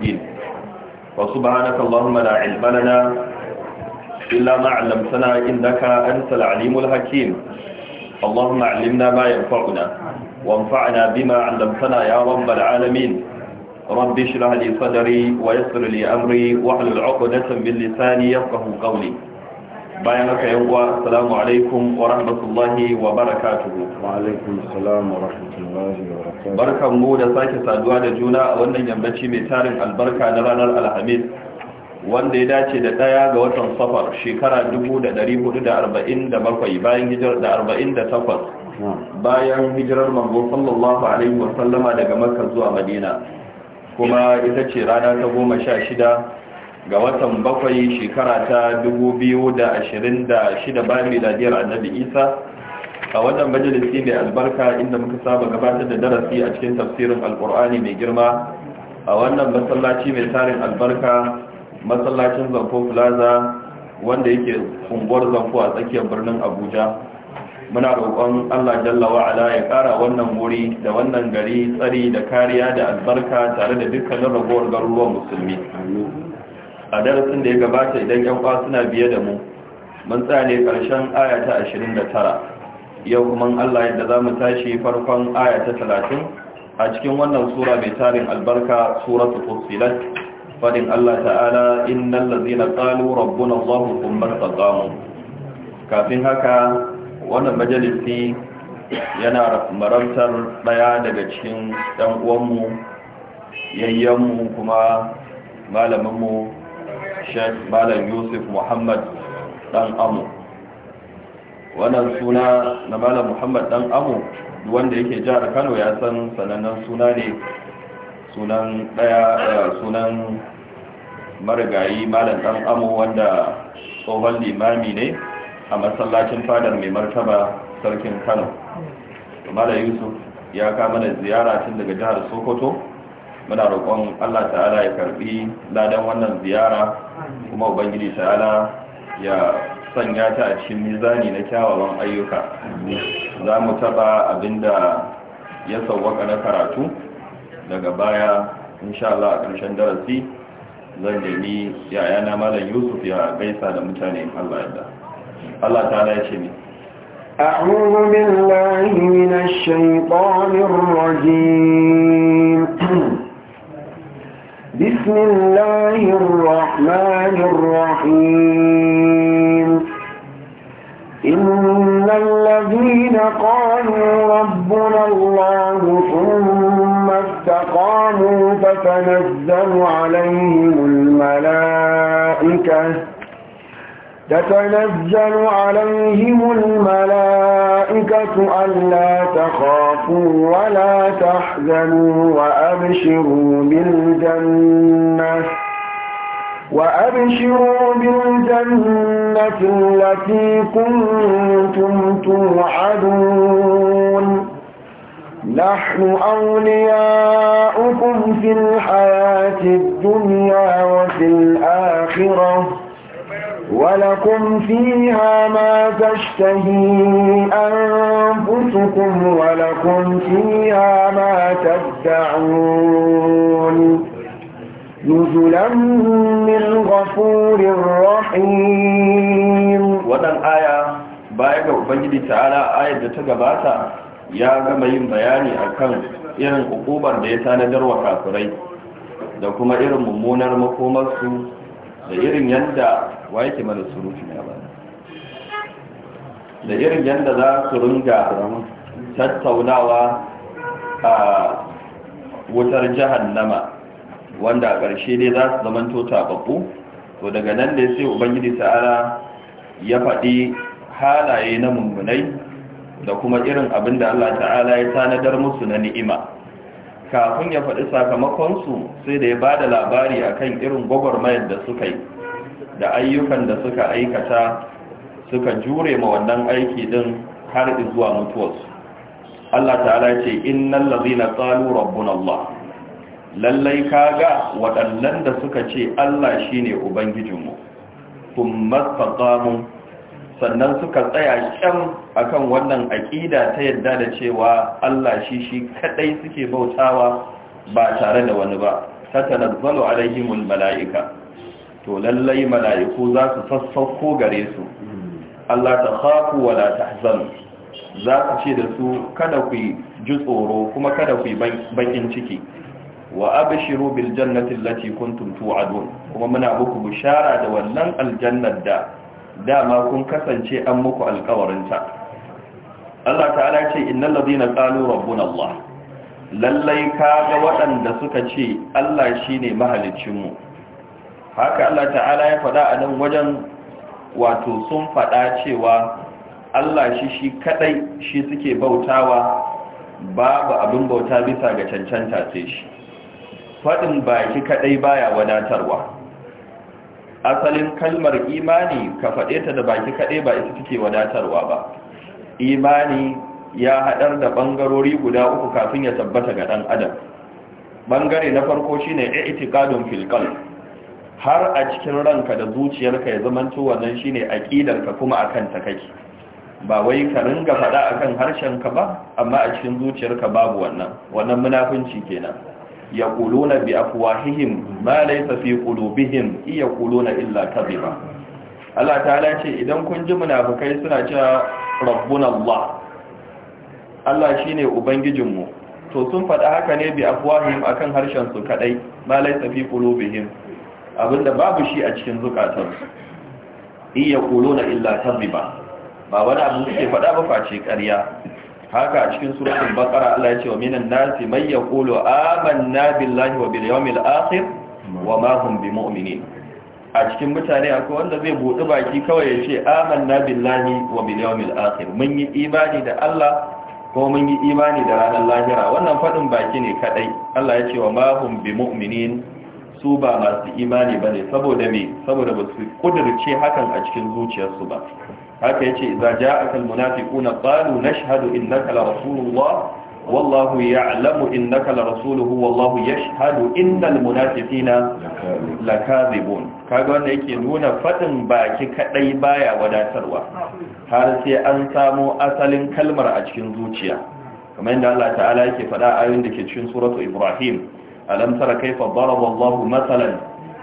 الدين وسبحانك اللهم لا علم لنا إلا ما علمتنا إنك أنت العليم الحكيم اللهم علمنا ما ينفعنا وانفعنا بما علمتنا يا رب العالمين رب اشرح لي صدري ويسر لي أمري واحلل عقدة من لساني يفقه قولي bayan haka yan uwa assalamu alaikum wa rahmatullahi wa barakatuhu wa alaikum assalam wa rahmatullahi wa barakatuhu barkan mu da sake saduwa da juna a wannan yammaci mai tarin albarka na ranar alhamis wanda ya dace da daya ga watan safar shekara 1447 bayan hijirar da 48 bayan hijirar manzo sallallahu alaihi wa sallama daga makka zuwa madina kuma ita ce rana ta goma sha shida ga watan bakwai shekara ta da da ashirin 2026 bayan miladiyar annabi isa a wannan majalisi mai albarka inda muka saba gabatar da darasi a cikin tafsirin alkur'ani mai girma a wannan masallaci mai tarin albarka masallacin zanfo plaza wanda yake unguwar zanfo a tsakiyar birnin abuja muna roƙon allah jalla wa'ala ya ƙara wannan wuri da wannan gari tsari da kariya da albarka tare da dukkanin ragowar garuruwan musulmi a darasin da ya gabata idan yan uwa suna biye da mu mun tsane karshen aya ta tara yau kuma Allah yadda za mu tashi farkon aya ta 30 a cikin wannan sura mai tarin albarka suratu fussilat fadin Allah ta'ala innal ladzina qalu rabbuna Allah thumma istaqamu kafin haka wannan majalisi yana marabtar daya daga cikin dan uwanmu yayyanmu kuma malaminmu Sheikh malam yusuf muhammad dan amu wannan suna na malam muhammad dan amu wanda yake jihar kano ya san sanannen suna ne sunan daya eh, sunan marigayi malam dan amu wanda tsohon limami ne a masallacin fadar mai martaba sarkin kano malam yusuf ya kama da ziyara tun daga jihar sokoto muna roƙon Allah ta'ala ya karbi ladan wannan ziyara kuma ubangiji ta'ala ya sanya ta a cikin mizani na kyawawan ayyuka za mu taba abinda ya sauwaka na karatu daga baya insha Allah a ƙarshen darasi zan nemi yayana malam Yusuf ya gaisa da mutane Allah yadda Allah ta'ala ya ce ni أعوذ بالله من الشيطان الرجيم بسم الله الرحمن الرحيم إن الذين قالوا ربنا الله ثم استقاموا فتنزل عليهم الملائكة تتنزل عليهم الملائكة ألا تخافوا ولا تحزنوا وأبشروا بالجنة وأبشروا بالجنة التي كنتم توعدون نحن أولياؤكم في الحياة الدنيا وفي الآخرة ولكم فيها ما تشتهي أنفسكم ولكم فيها ما تدعون نزلا من غفور رحيم ودن آية baya ga ubangiji ta'ala ayar da ta gabata ya gama yin bayani a kan irin hukumar da ya tanadar wa kafirai da kuma irin mummunar makomarsu da irin yanda wa yake mana surufi ne ba da irin yanda za su ringa tattaunawa a wutar jahannama wanda a ƙarshe ne za su zamanto tababbu to daga nan ne sai ubangiji ta'ala ya faɗi halaye na mummunai da kuma irin abin da Allah ta'ala ya tanadar musu na ni'ima kafin ya faɗi sakamakonsu sai da ya ba da labari a kan irin gwagwarmayar da suka yi da ayyukan da suka aikata suka jure ma wannan aiki din har zuwa mutuwarsu Allah ta'ala ce innan ladhina tsalu rabbuna Allah lallai kaga waɗannan da suka ce Allah shine ubangijinmu kuma taqamu sannan suka tsaya kyan akan wannan aƙida ta yadda da cewa Allah shi shi kadai suke bautawa ba tare da wani ba tatanazzalu alaihimul malaika to lallai malaiku za su sassauko gare su Allah ta khafu wa la tahzanu za ku ce da su kada ku ji tsoro kuma kada ku bakin ciki wa abshiru bil jannati allati kuntum tu'adun kuma muna muku bishara da wannan aljannar da dama kun kasance an muku alkawarinta Allah ta'ala ce innal ladina qalu rabbuna Allah lallai kaga waɗanda suka ce Allah shine mahaliccin mu haka Allah ta'ala ya faɗa a nan wajen wato sun faɗa cewa Allah shi shi kadai shi suke bautawa babu abin bauta bisa ga cancanta sai shi faɗin baki kadai baya wadatarwa asalin kalmar imani ka faɗe ta da baki kaɗai ba ita take wadatarwa ba imani ya haɗar da ɓangarori guda uku kafin ya tabbata ga ɗan adam Bangare na farko shine i'tiqadun fil filkal har a cikin ranka da zuciyarka ya zamanto wannan shine aqidarka kuma akan ta kake ba wai ka ringa faɗa akan harshenka ba amma a cikin zuciyarka babu wannan wannan munafunci kenan yaquluna bi afwahihim ma laysa fi qulubihim yaquluna illa kadhiba Allah ta'ala ce idan kun ji munafikai suna cewa rabbuna Allah Allah shine ubangijinmu to sun faɗa haka ne bi afwahihim akan harshen su kadai ma laysa fi qulubihim abinda babu shi a cikin zukatun iya kuluna illa kadhiba ba wani abu suke faɗa ba face ƙarya haka a cikin suratul baqara Allah ya ce wa minan nasi may yaqulu amanna billahi wa bil yawmil akhir wa ma hum bimu'minin a cikin mutane akwai wanda zai bude baki kawai ya ce amanna billahi wa bil yawmil akhir mun yi imani da Allah ko mun yi imani da ranar lahira wannan fadin baki ne kadai Allah ya ce wa ma hum bimu'minin su ba masu imani bane saboda me saboda ba su kudurce hakan a cikin zuciyarsu ba haka yace idza ja'aka almunafiquna qalu nashhadu innaka la rasulullah wallahu ya'lamu innaka la rasuluhu wallahu yashhadu innal munafiqina lakazibun kaga wanda yake nuna fadin baki kadai baya wadatarwa har sai an samu asalin kalmar a cikin zuciya kamar yadda Allah ta'ala yake faɗa ayoyin da ke cikin suratu Ibrahim alam tara kayfa daraba matalan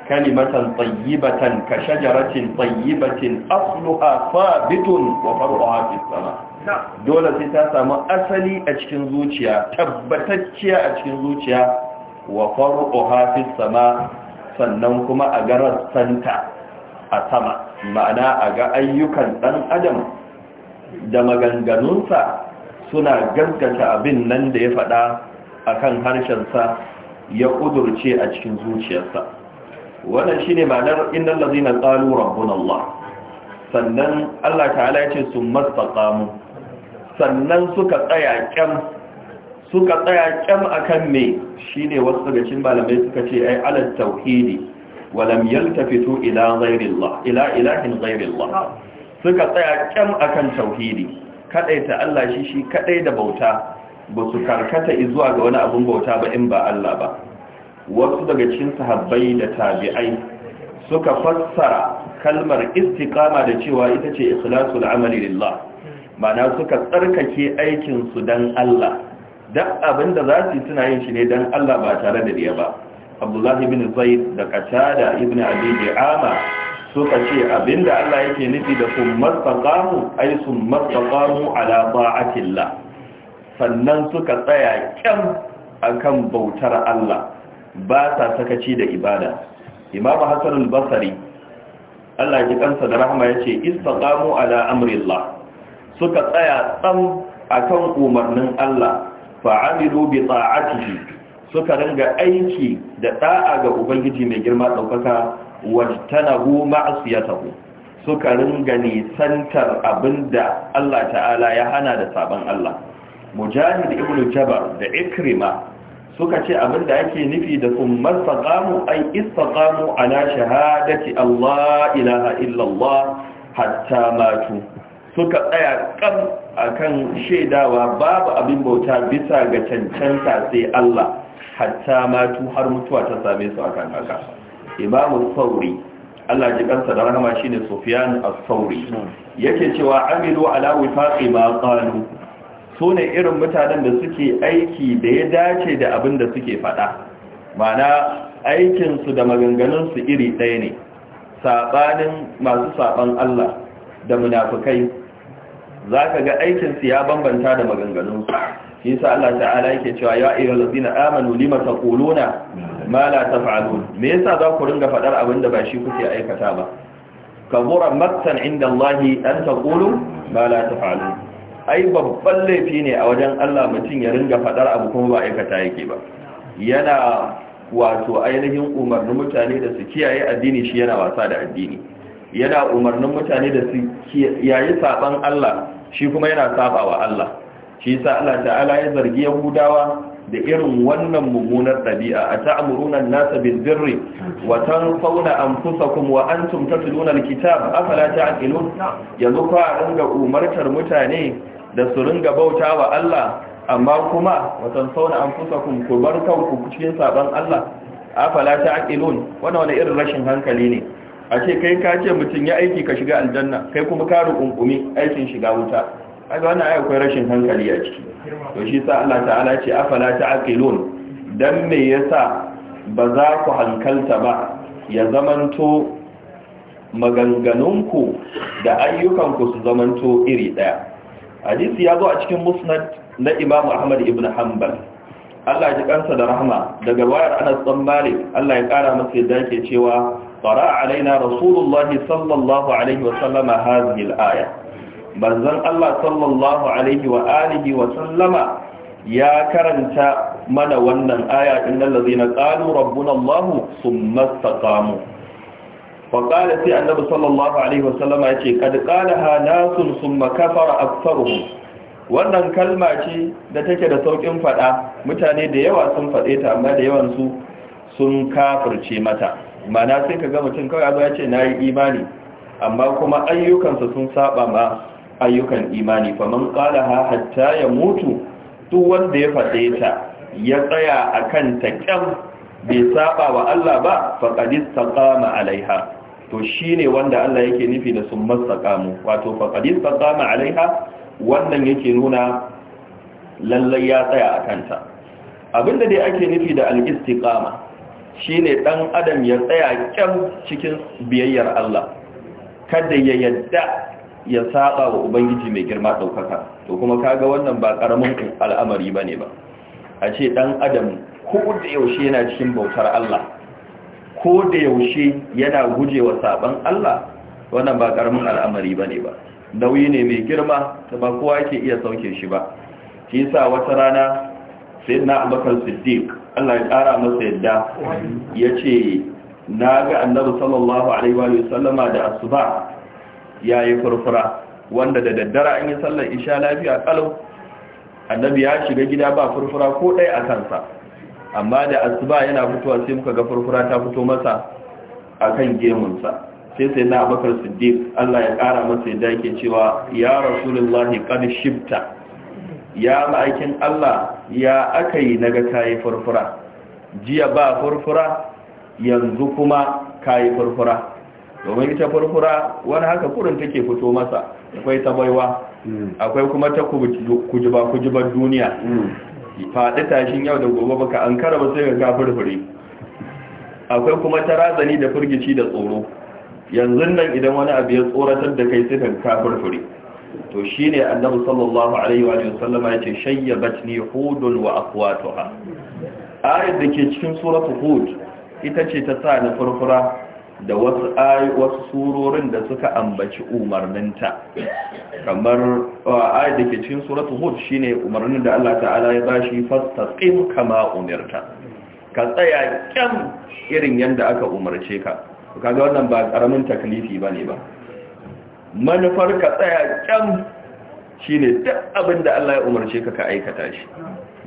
kalimatan tayyibatan ka shajaratin tayyibatin asluha sabitun wa far'uha sama dole sai ta samu asali a cikin zuciya tabbatacciya a cikin zuciya wa far'uha sama sannan kuma a ga rassanta a sama ma'ana a ga ayyukan dan adam da maganganunsa suna gaskata abin nan da ya faɗa a kan harshensa ya ƙudurce a cikin zuciyarsa wannan shine ma'anar innal ladina qalu rabbuna Allah sannan Allah ta'ala ya ce summastaqamu sannan suka tsaya kyam suka tsaya kyam akan me shine wasu daga cikin malamai suka ce ai ala tauhidi walam yaltafitu ila ghairillah ila ilahin ghairillah suka tsaya kyam akan tauhidi kadaita Allah shi shi kadai da bauta ba su karkata zuwa ga wani abun bauta ba in ba Allah ba wasu daga cikin sahabbai da tabi'ai suka fassara kalmar istiqama da cewa ita ce ikhlasul amali lillah mana suka tsarkake aikin su dan Allah duk abinda za su tuna yin shi ne dan Allah ba tare da riya ba Abdullah ibn Zaid da Qatada ibn Abi Du'ama suka ce abinda Allah yake nufi da summastaqamu ay summastaqamu ala ta'atillah sannan suka tsaya kyam akan bautar Allah ba sa sakaci da ibada imamu hassan al-basri Allah ji kansa da rahama yace istaqamu ala amrillah suka tsaya tsam akan umarnin Allah fa'amilu bi ta'atihi suka ringa aiki da da'a ga ubangiji mai girma daukaka wajtanahu ma'siyatahu suka ringa nisantar abinda Allah ta'ala ya hana da saban Allah mujahid ibnu jabar da ikrima suka ce abin da ake nufi da tsumman saƙamu ai istaƙamu ala shahadati Allah ilaha illallah hatta matu suka tsaya kam akan shaidawa babu abin bauta bisa ga cancanta sai Allah hatta matu har mutuwa ta same su akan haka Imam sauri Allah ji kansa da rahama shine Sufyan as-Sauri hmm. yake cewa amilu ala wifaqi ma qalu su ne irin mutanen da suke aiki da ya dace da abin da suke faɗa mana aikinsu da maganganunsu iri ɗaya ne saɓanin masu saɓan Allah da munafukai za ka ga aikinsu ya bambanta da maganganunsu shi sa Allah ta'ala yake cewa ya ayyuhal ladina amanu lima taquluna ma la taf'alun me yasa za ku ringa faɗar abin da ba shi kuke aikata ba kabura maktan inda Allah an taqulu ma la taf'alun ai babban laifi ne a wajen Allah mutum ya ringa fadar abu kuma ba aikata yake ba yana wato ainihin umarnin mutane da su kiyaye addini shi yana wasa da addini yana umarnin mutane da su yayi saban Allah shi kuma yana sabawa Allah shi yasa Allah ta'ala ya zargi Yahudawa da irin wannan mummunar ɗabi'a a ta'amuruna nasa bil birri wa tanfauna anfusakum wa antum tatluna alkitab afala ta'qilun yanzu ka ringa umartar mutane da su ringa bauta wa Allah amma kuma watan sauna an fusa kun ku bar kanku cikin saban Allah afala aqilun wannan wani irin rashin hankali ne a ce kai ka ce mutum ya aiki ka shiga aljanna kai kuma ka rukunkumi aikin shiga wuta kaga wannan ayi akwai rashin hankali a ciki to shi sa Allah ta'ala ce afala aqilun dan me yasa ba za ku hankalta ba ya zamanto maganganunku da ayyukanku su zamanto iri daya hadisi ya zo a cikin musnad na imam ahmad ibn hanbal Allah ji kansa da rahma daga wayar Anas dan Malik Allah ya kara masa yadda yake cewa qara alaina rasulullahi sallallahu alaihi wa sallama hadhihi al-aya manzon Allah sallallahu alaihi wa alihi wa sallama ya karanta mana wannan aya innal ladzina qalu rabbuna Allah thumma istaqamu faƙada sai annabi sallallahu alaihi wasallam ya ce kad nasun wannan kalma ce da take da sauƙin faɗa, mutane da yawa sun fade ta amma da yawan su sun kafirce mata Mana sai ka ga mutum kawai abu ya ce nayi imani amma kuma ayyukansa sun saba ma ayyukan imani faman qalaha hatta ya mutu duk wanda ya fade ta ya tsaya akan ta kyan bai saba wa Allah ba ta istaqama alaiha to shine wanda Allah yake nufi da sun kamu, wato faqad istaqama alaiha wannan yake nuna lallai ya tsaya a kanta abinda dai ake nufi da al-istiqama shine ɗan adam ya tsaya kyan cikin biyayyar Allah kada ya yadda ya saƙa wa ubangiji mai girma ɗaukaka, to kuma kaga wannan ba karamin al'amari bane ba a ce dan adam ko da yaushe yana cikin bautar Allah ko da yaushe yana guje wa saban Allah wannan ba karamin al'amari bane ba nauyi ne mai girma ta ba kowa yake iya sauke shi ba shi yasa wata rana sai na abakar Siddiq Allah ya kara masa yadda ya ce na ga Annabi sallallahu alaihi wa sallama da asuba yayi furfura wanda da daddara an yi sallar isha lafiya kalau annabi ya shiga gida ba furfura ko ɗaya a kansa amma da asuba yana fitowa sai muka ga furfura ta fito masa akan gemunsa sai sai na abakar siddiq Allah ya kara masa yadda yake cewa ya rasulullahi qad shibta ya ma'aikin Allah ya akai naga kai furfura jiya ba furfura yanzu kuma kai furfura domin ita furfura wani haka kurin take fito masa akwai ta baiwa hmm. akwai kuma ta kujiba kujiban duniya hmm. faɗi tashin yau da gobe baka an kara ba sai ka furfure akwai kuma ta razani da furgici da tsoro yanzu nan idan wani abu ya tsoratar da kai sai ka furfure to shine annabi sallallahu alaihi wa sallama yace shayyabatni hudun wa aqwatuha ayat da ke cikin suratul hud ita ce ta sa na furfura da wasu wasu surorin da suka ambaci umarninta kamar ayat da ke cikin suratu hud shine umarnin da Allah ta'ala ya bashi fastaqim kama umirta ka tsaya kyan irin yanda aka umarce ka kaga wannan ba karamin taklifi bane ba manufar ka tsaya kyan shine duk abin da Allah ya umarce ka ka aikata shi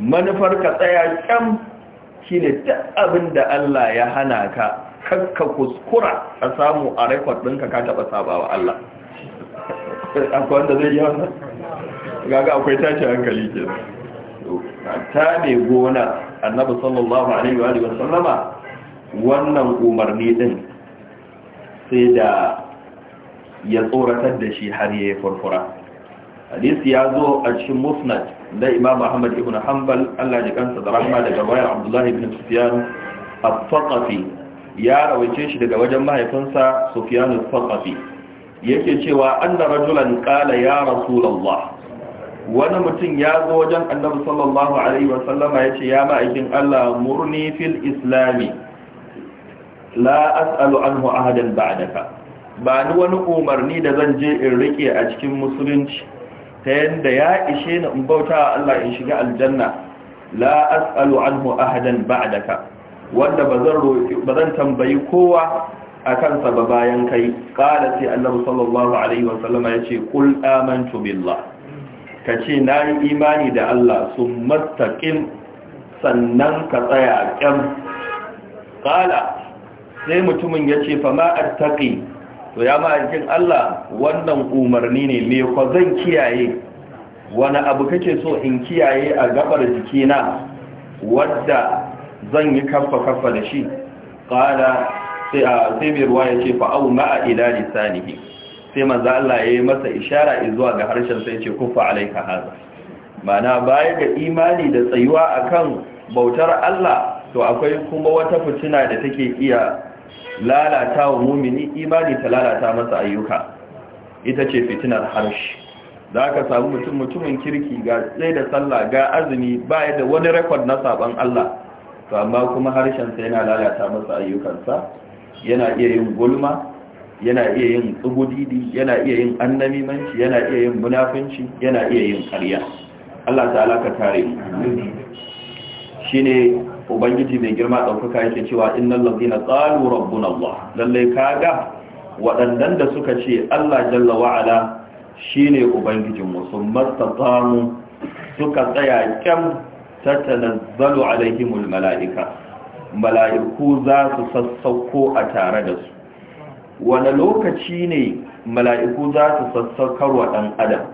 manufar ka tsaya kyan shine duk abin da Allah ya hana ka Kaka kuskura a samu a rekod ɗinka ka taɓa sabawa Allah akwai wanda zai yi wannan gaga akwai tashi hankali ke ta ne gona annabi sallallahu alaihi wa sallama wannan umarni din sai da ya tsoratar da shi har ya yi furfura hadisi ya zo a cikin musnad da imam ahmad ibn hanbal allah ji kansa da rahma daga bayar abdullahi ibn sufyan al ya rawaice shi daga wajen mahaifinsa sufyan al-thaqafi yake cewa anna rajulan qala ya rasulullah wani mutum ya zo wajen annabi sallallahu alaihi wasallama yace ya ma'aikin Allah murni fil islami la as'alu anhu ahadan ba'daka ba ni wani umarni da zan je in rike a cikin musulunci ta yanda ya ishe ni in bauta Allah in shiga aljanna la as'alu anhu ahadan ba'daka wanda ba zan tambayi kowa a kansa ba bayan kai ƙala sai annabi sallallahu alaihi wasallama ya ce kul amantu billah ka ce na yi imani da Allah sun mastaƙin sannan ka tsaya ƙyan ƙala sai mutumin ya ce fama attaƙi to ya ma'aikin Allah wannan umarni ne me kwa zan kiyaye wani abu kake so in kiyaye a gabar jikina wadda zan yi kaffa kaffa da shi Ƙada, sai mai ruwa ya ce fa'au ma'a ila sanihi. sai maza Allah ya yi masa ishara zuwa ga harshen sai ce kufa alaika haza mana baya da imani da tsayuwa a kan bautar Allah to akwai kuma wata fitina da take iya lalata wa mumini imani ta lalata masa ayyuka ita ce fitinar harshe za ka samu mutum mutumin kirki ga tsaye da sallah ga azumi ba da wani rekod na saban Allah to amma kuma harshensa yana lalata masa ayyukansa yana iya yin gulma yana iya yin tsugudidi yana iya yin annamimanci yana iya yin munafinci yana iya yin karya. Allah ta'ala ka kare mu shine ubangiji mai girma daukaka yake cewa innal ladina qalu rabbuna Allah lalle kaga waɗannan da suka ce Allah jalla wa ala shine ubangijin mu sun mastatamu suka tsaya kyam tatanazzalu alaihimul mala'ika mala'iku za su sassauko a tare da su wani lokaci ne mala'iku za su sassaukar wa ɗan adam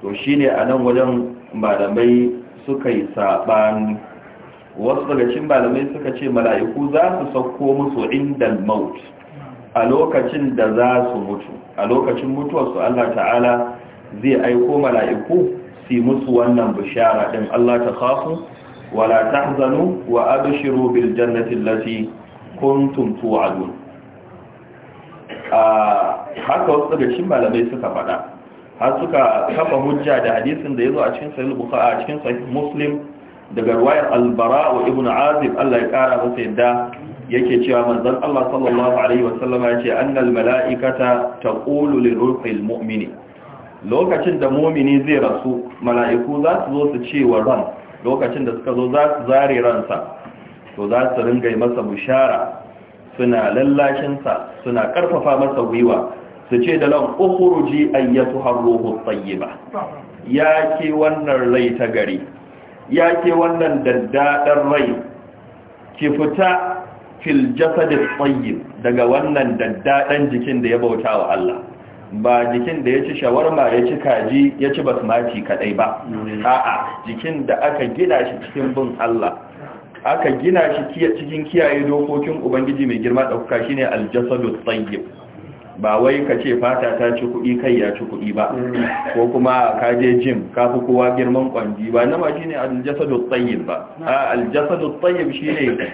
to shi ne a nan wajen malamai suka yi saɓani wasu daga cin malamai suka ce mala'iku za su sauko musu inda maut a lokacin da za su mutu a lokacin mutuwarsu allah ta'ala zai aiko mala'iku su musu wannan bishara din Allah ta khafu wala tahzanu wa abshiru bil jannati allati kuntum tu'adun a haka wasu daga shi malamai suka faɗa har suka kafa hujja da hadisin da yazo a cikin sahih bukhari a cikin sahih muslim daga ruwayar albara wa Ibnu azib Allah ya kara masa yadda yake cewa manzon Allah sallallahu alaihi wasallam ya ce annal mala'ikata taqulu lirruhil mu'mini lokacin da mumini zai rasu mala'iku za su zo su ce wa ran lokacin da suka zo za su zare ransa to za su ringa masa bushara suna lallashinsa suna karfafa masa gwiwa su ce da lan ukhruji ayyatu harruhu tayyiba ya ke wannan rai ta gari ya ke wannan daddadan rai ki fita fil jasad tayyib daga wannan daddadan jikin da ya bauta wa Allah ba jikin da ya ci shawarma ya ci kaji ya ci basmati kadai ba a'a jikin da aka gina shi cikin bin Allah aka gina shi cikin kiyaye dokokin ubangiji mai girma ɗauka shine aljasadu tayyib ba wai ka ce fata ta ci kuɗi kai ya ci kuɗi ba ko kuma ka je jim ka fi kowa girman kwanji ba nama shine aljasadu tsayyib ba aljasadu shi shine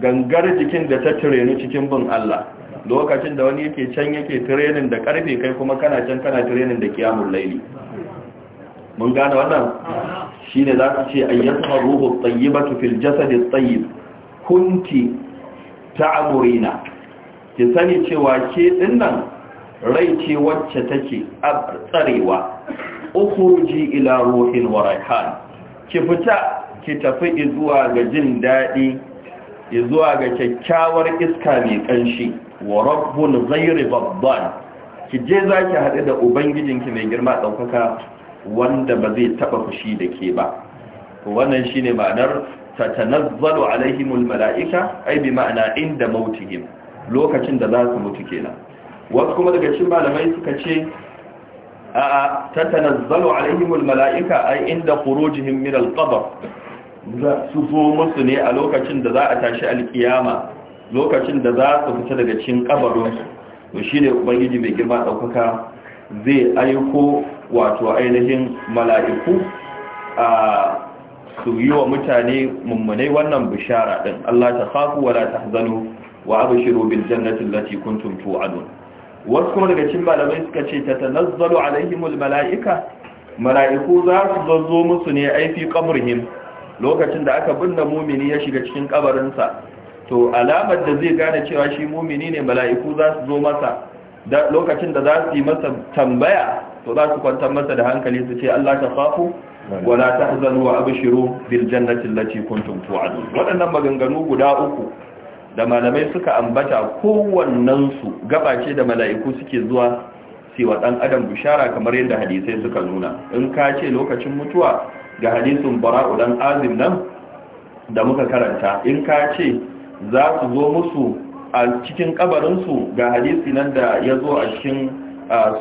gangar jikin da ta ni cikin bin Allah lokacin da wani yake can yake tirenin da karfe kai kuma kana can kana tirenin da kiyamun laili mun gane wannan shi ne za ka ce ayyata ruhu tsayyibatu fil jasadi tsayyib kunti Amurina. ki sani cewa ke dinnan rai ce wacce take tsarewa ji ila ruhin wa raihan ki fita ki tafi izuwa ga jin daɗi. Izuwa ga kyakkyawar iska mai ƙanshi. wa rabbul ghairi babban ki je zaki haɗu da ubangijinki mai girma daukaka wanda ba zai taɓa fushi da ke ba wannan shine ma'anar tatanazzalu alaihimul mala'ika ai bi ma'ana inda mautihim lokacin da za su mutu kenan wasu kuma daga cikin malamai suka ce a tatanazzalu alaihimul mala'ika ai inda khurujihim min al-qabr su zo musu ne a lokacin da za a tashi alkiyama lokacin da za su fita daga cikin kabarinsu to shi ne ubangiji mai girma daukaka zai aiko wato ainihin mala'iku a su yi wa mutane mummunai wannan bishara din Allah ta wa ta zano wa abshiru bil kun allati a tu'adun wasu kuma daga cin malamai suka ce ta a alaihimul mala'ika mala'iku za su zazzo musu ne aifi qabrihim lokacin da aka binne mumini ya shiga cikin kabarinsa to alamar da zai gane cewa shi mumini ne mala'iku za su zo masa da lokacin da za su yi masa tambaya to za su kwantar masa da hankali su ce Allah ta safu wala tahzanu wa abshiru bil jannati allati kuntum tu'adun waɗannan maganganu guda uku da malamai suka ambata kowannen su gabace da mala'iku suke zuwa su wa dan adam bishara kamar yadda hadisai suka nuna in ka ce lokacin mutuwa ga hadisin bara'u dan azim nan da muka karanta in ka ce za su zo musu a cikin kabarinsu ga hadisi nan da ya zo a cikin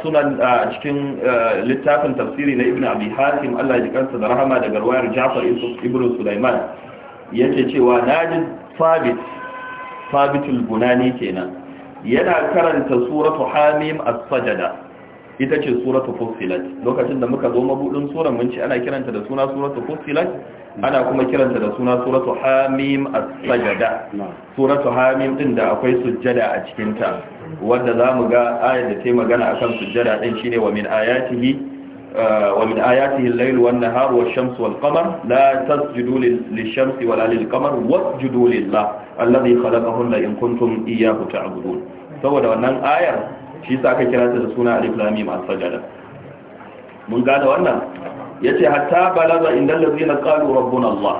sunan a cikin littafin tafsiri na ibn abi hatim Allah ya kansa da rahama da Garwayar Ja'far ibn Sulaiman yace cewa najid sabit sabitul gunani kenan yana karanta suratu hamim as-sajda ita ce suratu fussilat lokacin da muka zo mabudin suran mun ce ana kiranta da suna suratu fussilat ana kuma kiranta da suna suratu hamim as-sajada suratu hamim din da akwai sujjada a cikin ta wanda zamu ga ayar da ta magana akan sujjada din shine wa min ayatihi ومن آياته الليل والنهار والشمس والقمر لا تسجدوا للشمس ولا للقمر واسجدوا لله الذي خلقهن إن كنتم إياه تعبدون saboda wannan ayar shi sa aka kira ta da suna alif lam sajada mun gane wannan yace hatta balaga indal zina qalu rabbuna Allah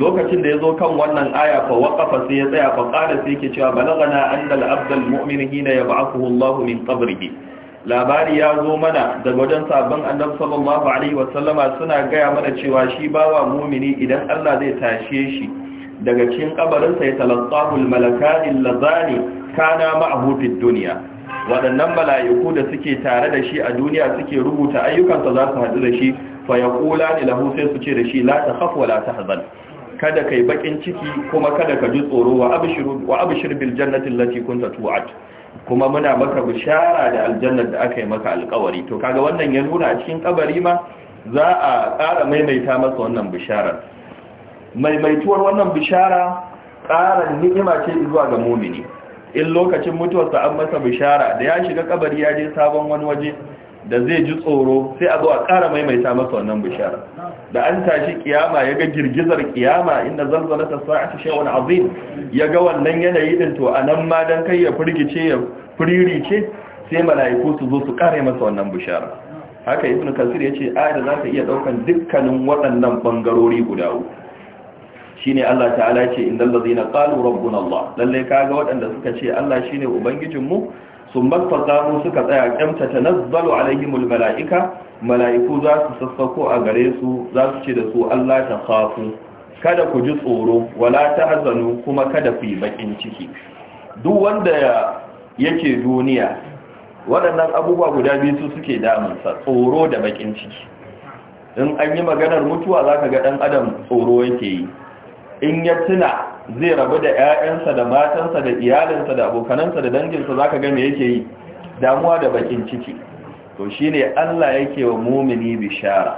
lokacin da ya zo kan wannan aya fa waqafa sai ya tsaya fa qala sai ke cewa balagana annal abdal mu'min hina yab'athuhu Allah min qabrihi labari ya zo mana daga wajen sabon annabi sallallahu alaihi wasallama suna gaya mana cewa shi bawa mumini idan Allah zai tashe shi daga cikin kabarinsa ya talaqqahu al-malakani allazani kana ma'ahu fid dunya waɗannan mala'iku da suke tare da shi a duniya suke rubuta ayyukansa za su haɗu da shi fa ya ƙula ne lahu sai su ce da shi la ta haf wa la ta hazal. kada yi baƙin ciki kuma kada ka ji tsoro wa abishir bil jannatin lati kun ta tu'at kuma muna maka bishara da aljannar da aka yi maka alƙawari. to kaga wannan ya nuna a cikin kabari ma za a ƙara maimaita masa wannan bisharar maimaituwar wannan bishara ƙara ni'ima ce zuwa ga mumini in lokacin mutuwarsa an masa bishara da ya shiga kabari ya je sabon wani waje da zai ji tsoro sai a zo a kara maimaita masa wannan bishara da an tashi kiyama ya ga girgizar kiyama inda zalzala ta sa'ati shay'un azim ya ga wannan yanayi din to anan ma dan kai ya firgice ya furirice sai mala'iku su zo su kare masa wannan bishara haka ibnu kasir yace ce da za iya daukan dukkanin waɗannan bangarori guda uku shine Allah ta'ala ce innal ladina qalu rabbuna Allah lalle kaga waɗanda suka ce Allah shine ubangijin mu sun battaqamu suka tsaya kamta tanazzalu alaihimul malaika malaiku za su sassako a gare su za su ce da su Allah ta khafu kada ku ji tsoro wala tahzanu kuma kada ku yi bakin ciki duk wanda yake duniya waɗannan abubuwa guda biyu su suke damunsa tsoro da bakin ciki in an yi maganar mutuwa za ka ga ɗan adam tsoro yake yi in ya tuna zai rabu da 'ya'yansa da matansa da iyalinsa da abokanansa da danginsa zaka ga me yake yi damuwa da bakin ciki to shi ne Allah yake wa mumini bishara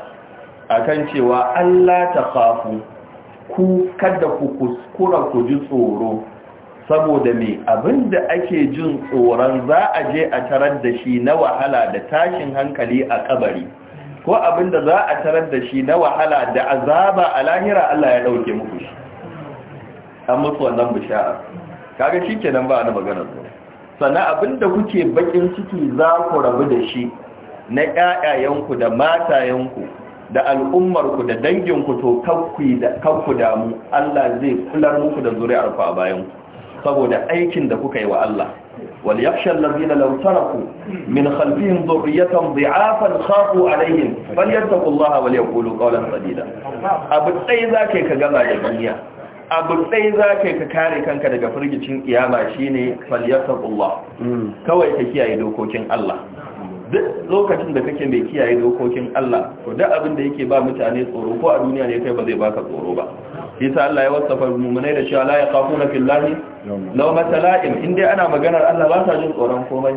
A kan cewa Allah ta khafu ku kada ku kuskura ku ji tsoro saboda me abinda ake jin tsoron za a je a tarar da shi na wahala da tashin hankali a kabari ko abinda za a tarar da shi na wahala da azaba a lahira Allah ya ɗauke muku shi an musu wannan bishara kaga kenan ba ni maganar su sana abinda kuke bakin ciki za ku rabu da shi na ƴaƴayenku da matayenku da al'ummarku da danginku to kanku damu Allah zai kular muku da zuri'arku a bayanku saboda aikin da kuka yi wa Allah wal yakhshal ladina law taraku min khalfihim dhurriyatan dha'afan khafu alaihim falyattaqullaha wal yaqulu qawlan sadida abu tsayi zakai ka gama da duniya abu ɗai za ka ka kare kanka daga firgicin kiyama shine falyataqullah mm. kawai ka kiyaye dokokin Allah duk lokacin da kake mai kiyaye dokokin Allah to duk abin da yake ba mutane tsoro ko a duniya ne kai ba zai baka tsoro ba yasa Allah ya wasafa mu'minai da cewa la yaqafuna fillahi law matala'im in dai ana maganar Allah ba sa jin tsoron komai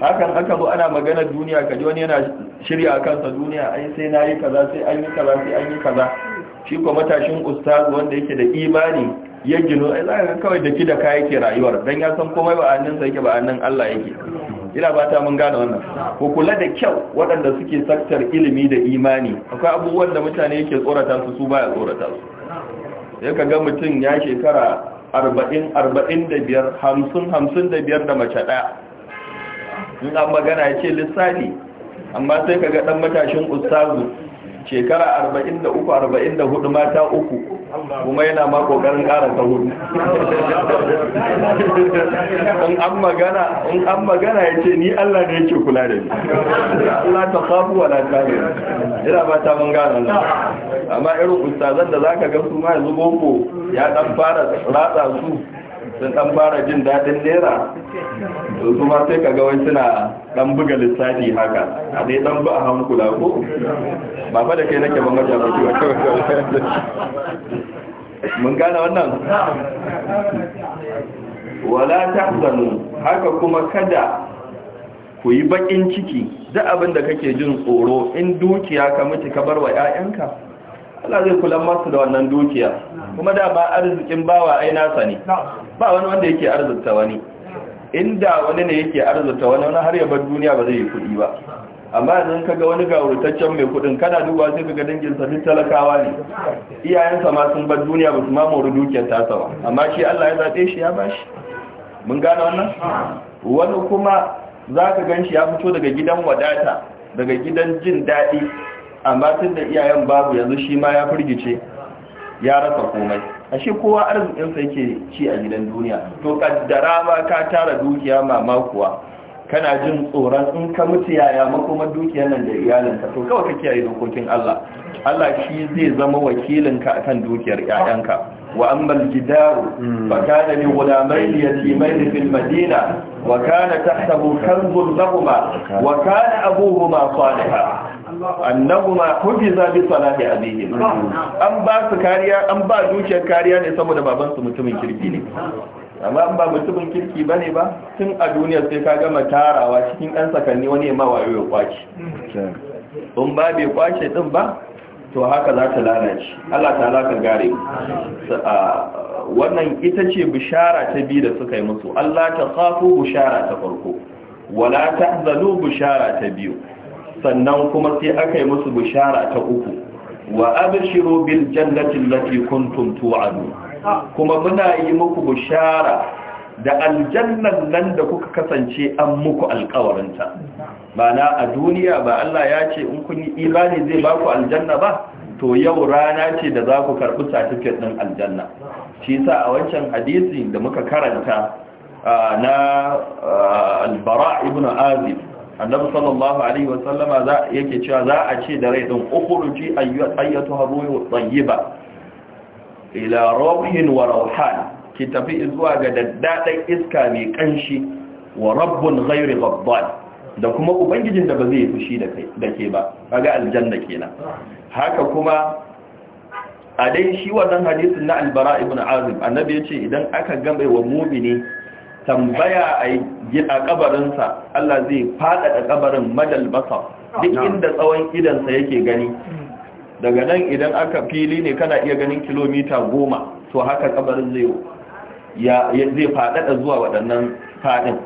hakan aka zo ana maganar duniya kaji wani yana shirya kansa duniya ai sai na yi kaza sai an yi kaza sai an yi kaza shi ko matashin ustaz wanda yake da imani ya gino a za ka kawai da kida yake rayuwar don ya san komai ba sa yake ba Allah yake ina ba ta mun gane wannan ko kula da kyau waɗanda suke saktar ilimi da imani akwai abubuwan da mutane yake tsorata su su baya tsorata su ya kaga mutum ya shekara da biyar hamsin hamsin da mace ɗaya. in an magana ya ce lissani amma sai kaga ɗan matashin ustazu shekara 43 44 mata uku kuma yana ma kokarin ƙara ta hudu in an magana ya ce ni Allah ne yake kula da ni Allah ta kafu wala tabi ina ba ta mun gane amma irin ustazan da za ka su ma yanzu boko ya dan fara ratsa su sun dan fara jin daɗin nera to kuma sai ka ga wani suna dan buga lissafi haka a dai dan ba a da ko ba fa da kai nake ban gaja ba ki ba mun gane wannan wala tahzanu haka kuma kada ku yi bakin ciki da abin da kake jin tsoro in dukiya ka mutu ka bar wa 'ya'yanka Allah zai kula masu da wannan dukiya kuma da ba arzikin bawa ai nasa ne ba wani wanda yake arzuta wani inda wani ne yake arzuta wani wani har ya bar duniya ba zai yi kuɗi ba amma yanzu ga wani gawurtaccen mai kudin kana duba sai ga dangin sa duk talakawa ne iyayensa ma sun bar duniya ba su ma mori dukiyar ta sawa amma shi Allah ya zaɓe shi ya bashi mun gane wannan wani kuma zaka gan shi ya fito daga gidan wadata daga gidan jin daɗi amma tun da iyayen babu yanzu shi ma ya firgice ya rasa komai ashe kowa arzikinsa yake ci a gidan duniya to kaddara ma ka tara dukiya mama kuwa kana jin tsoron in ka mutu yaya makomar dukiyar nan da iyalinka to kawai ka kiyaye dokokin Allah Allah shi zai zama wakilinka akan dukiyar 'ya'yanka. wa ammal jidaru fa kana li ghulamayn yatimayn fil madina wa kana tahtahu kanzun lahumā wa kana abūhumā ṣāliḥan annahuma hujiza bi salahi abihim an ba su kariya an ba dukiyar kariya ne saboda baban su mutumin kirki ne amma an ba mutumin kirki bane ba tun a duniya sai ka gama tarawa cikin ɗan sakanni wani ya mawayo ya kwaci hmm. in ba bai kwace din ba to haka za ta lalace Allah ta laka gare wannan ita ce bishara ta biyu da suka yi musu Allah ta khafu bishara ta farko wala tahzanu bishara ta biyu sannan kuma sai aka yi musu bishara ta uku wa abshiru bil jannati allati kuntum tu'adun kuma muna yi muku bishara da aljannan nan da kuka kasance an muku alkawarinta ba na a duniya ba Allah ya ce in kun yi imani zai ba ku aljanna ba to yau rana ce da za ku karɓi satifiket ɗin aljanna shi sa a wancan hadisi da muka karanta na albara ibn azib annabi sallallahu alaihi wasallama za yake cewa za a ce da rai din ukhruji ayyatu ruhu tayyiba ila rawhin wa rawhan ki tafi zuwa ga daddadan iska mai kanshi wa rabbun ghairi ghadban da kuma ubangijin da ba zai fushi da kai da ke ba kaga aljanna kenan haka kuma a dai shi wannan hadisin na albara ibn azib annabi yace idan aka gambe wa mu'mini tambaya a yi a kabarinsa Allah zai faɗaɗa kabarin Majal basar duk inda tsawon idansa yake gani hmm. daga nan idan aka fili ne kana iya ganin kilomita goma to haka kabarin zai zai faɗaɗa zuwa waɗannan faɗin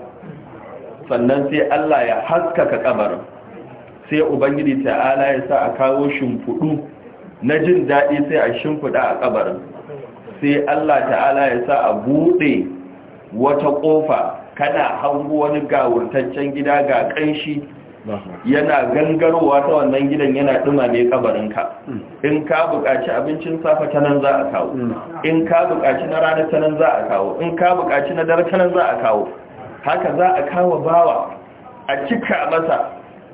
sannan sai Allah ya haskaka kabarin sai ubangiji ta'ala ya sa a kawo shimfudu na jin daɗi sai a shimfuda a kabarin sai Allah ta'ala ya sa a buɗe wata kofa kana hangu wani gawurtaccen gida ga kanshi yana gangarowa ta wannan gidan yana dumame kabarinka in ka buƙaci abincin safa ta nan za a kawo in ka buƙaci na rana ta nan za a kawo in ka buƙaci na dare ta nan za a kawo haka za a kawo bawa a cika masa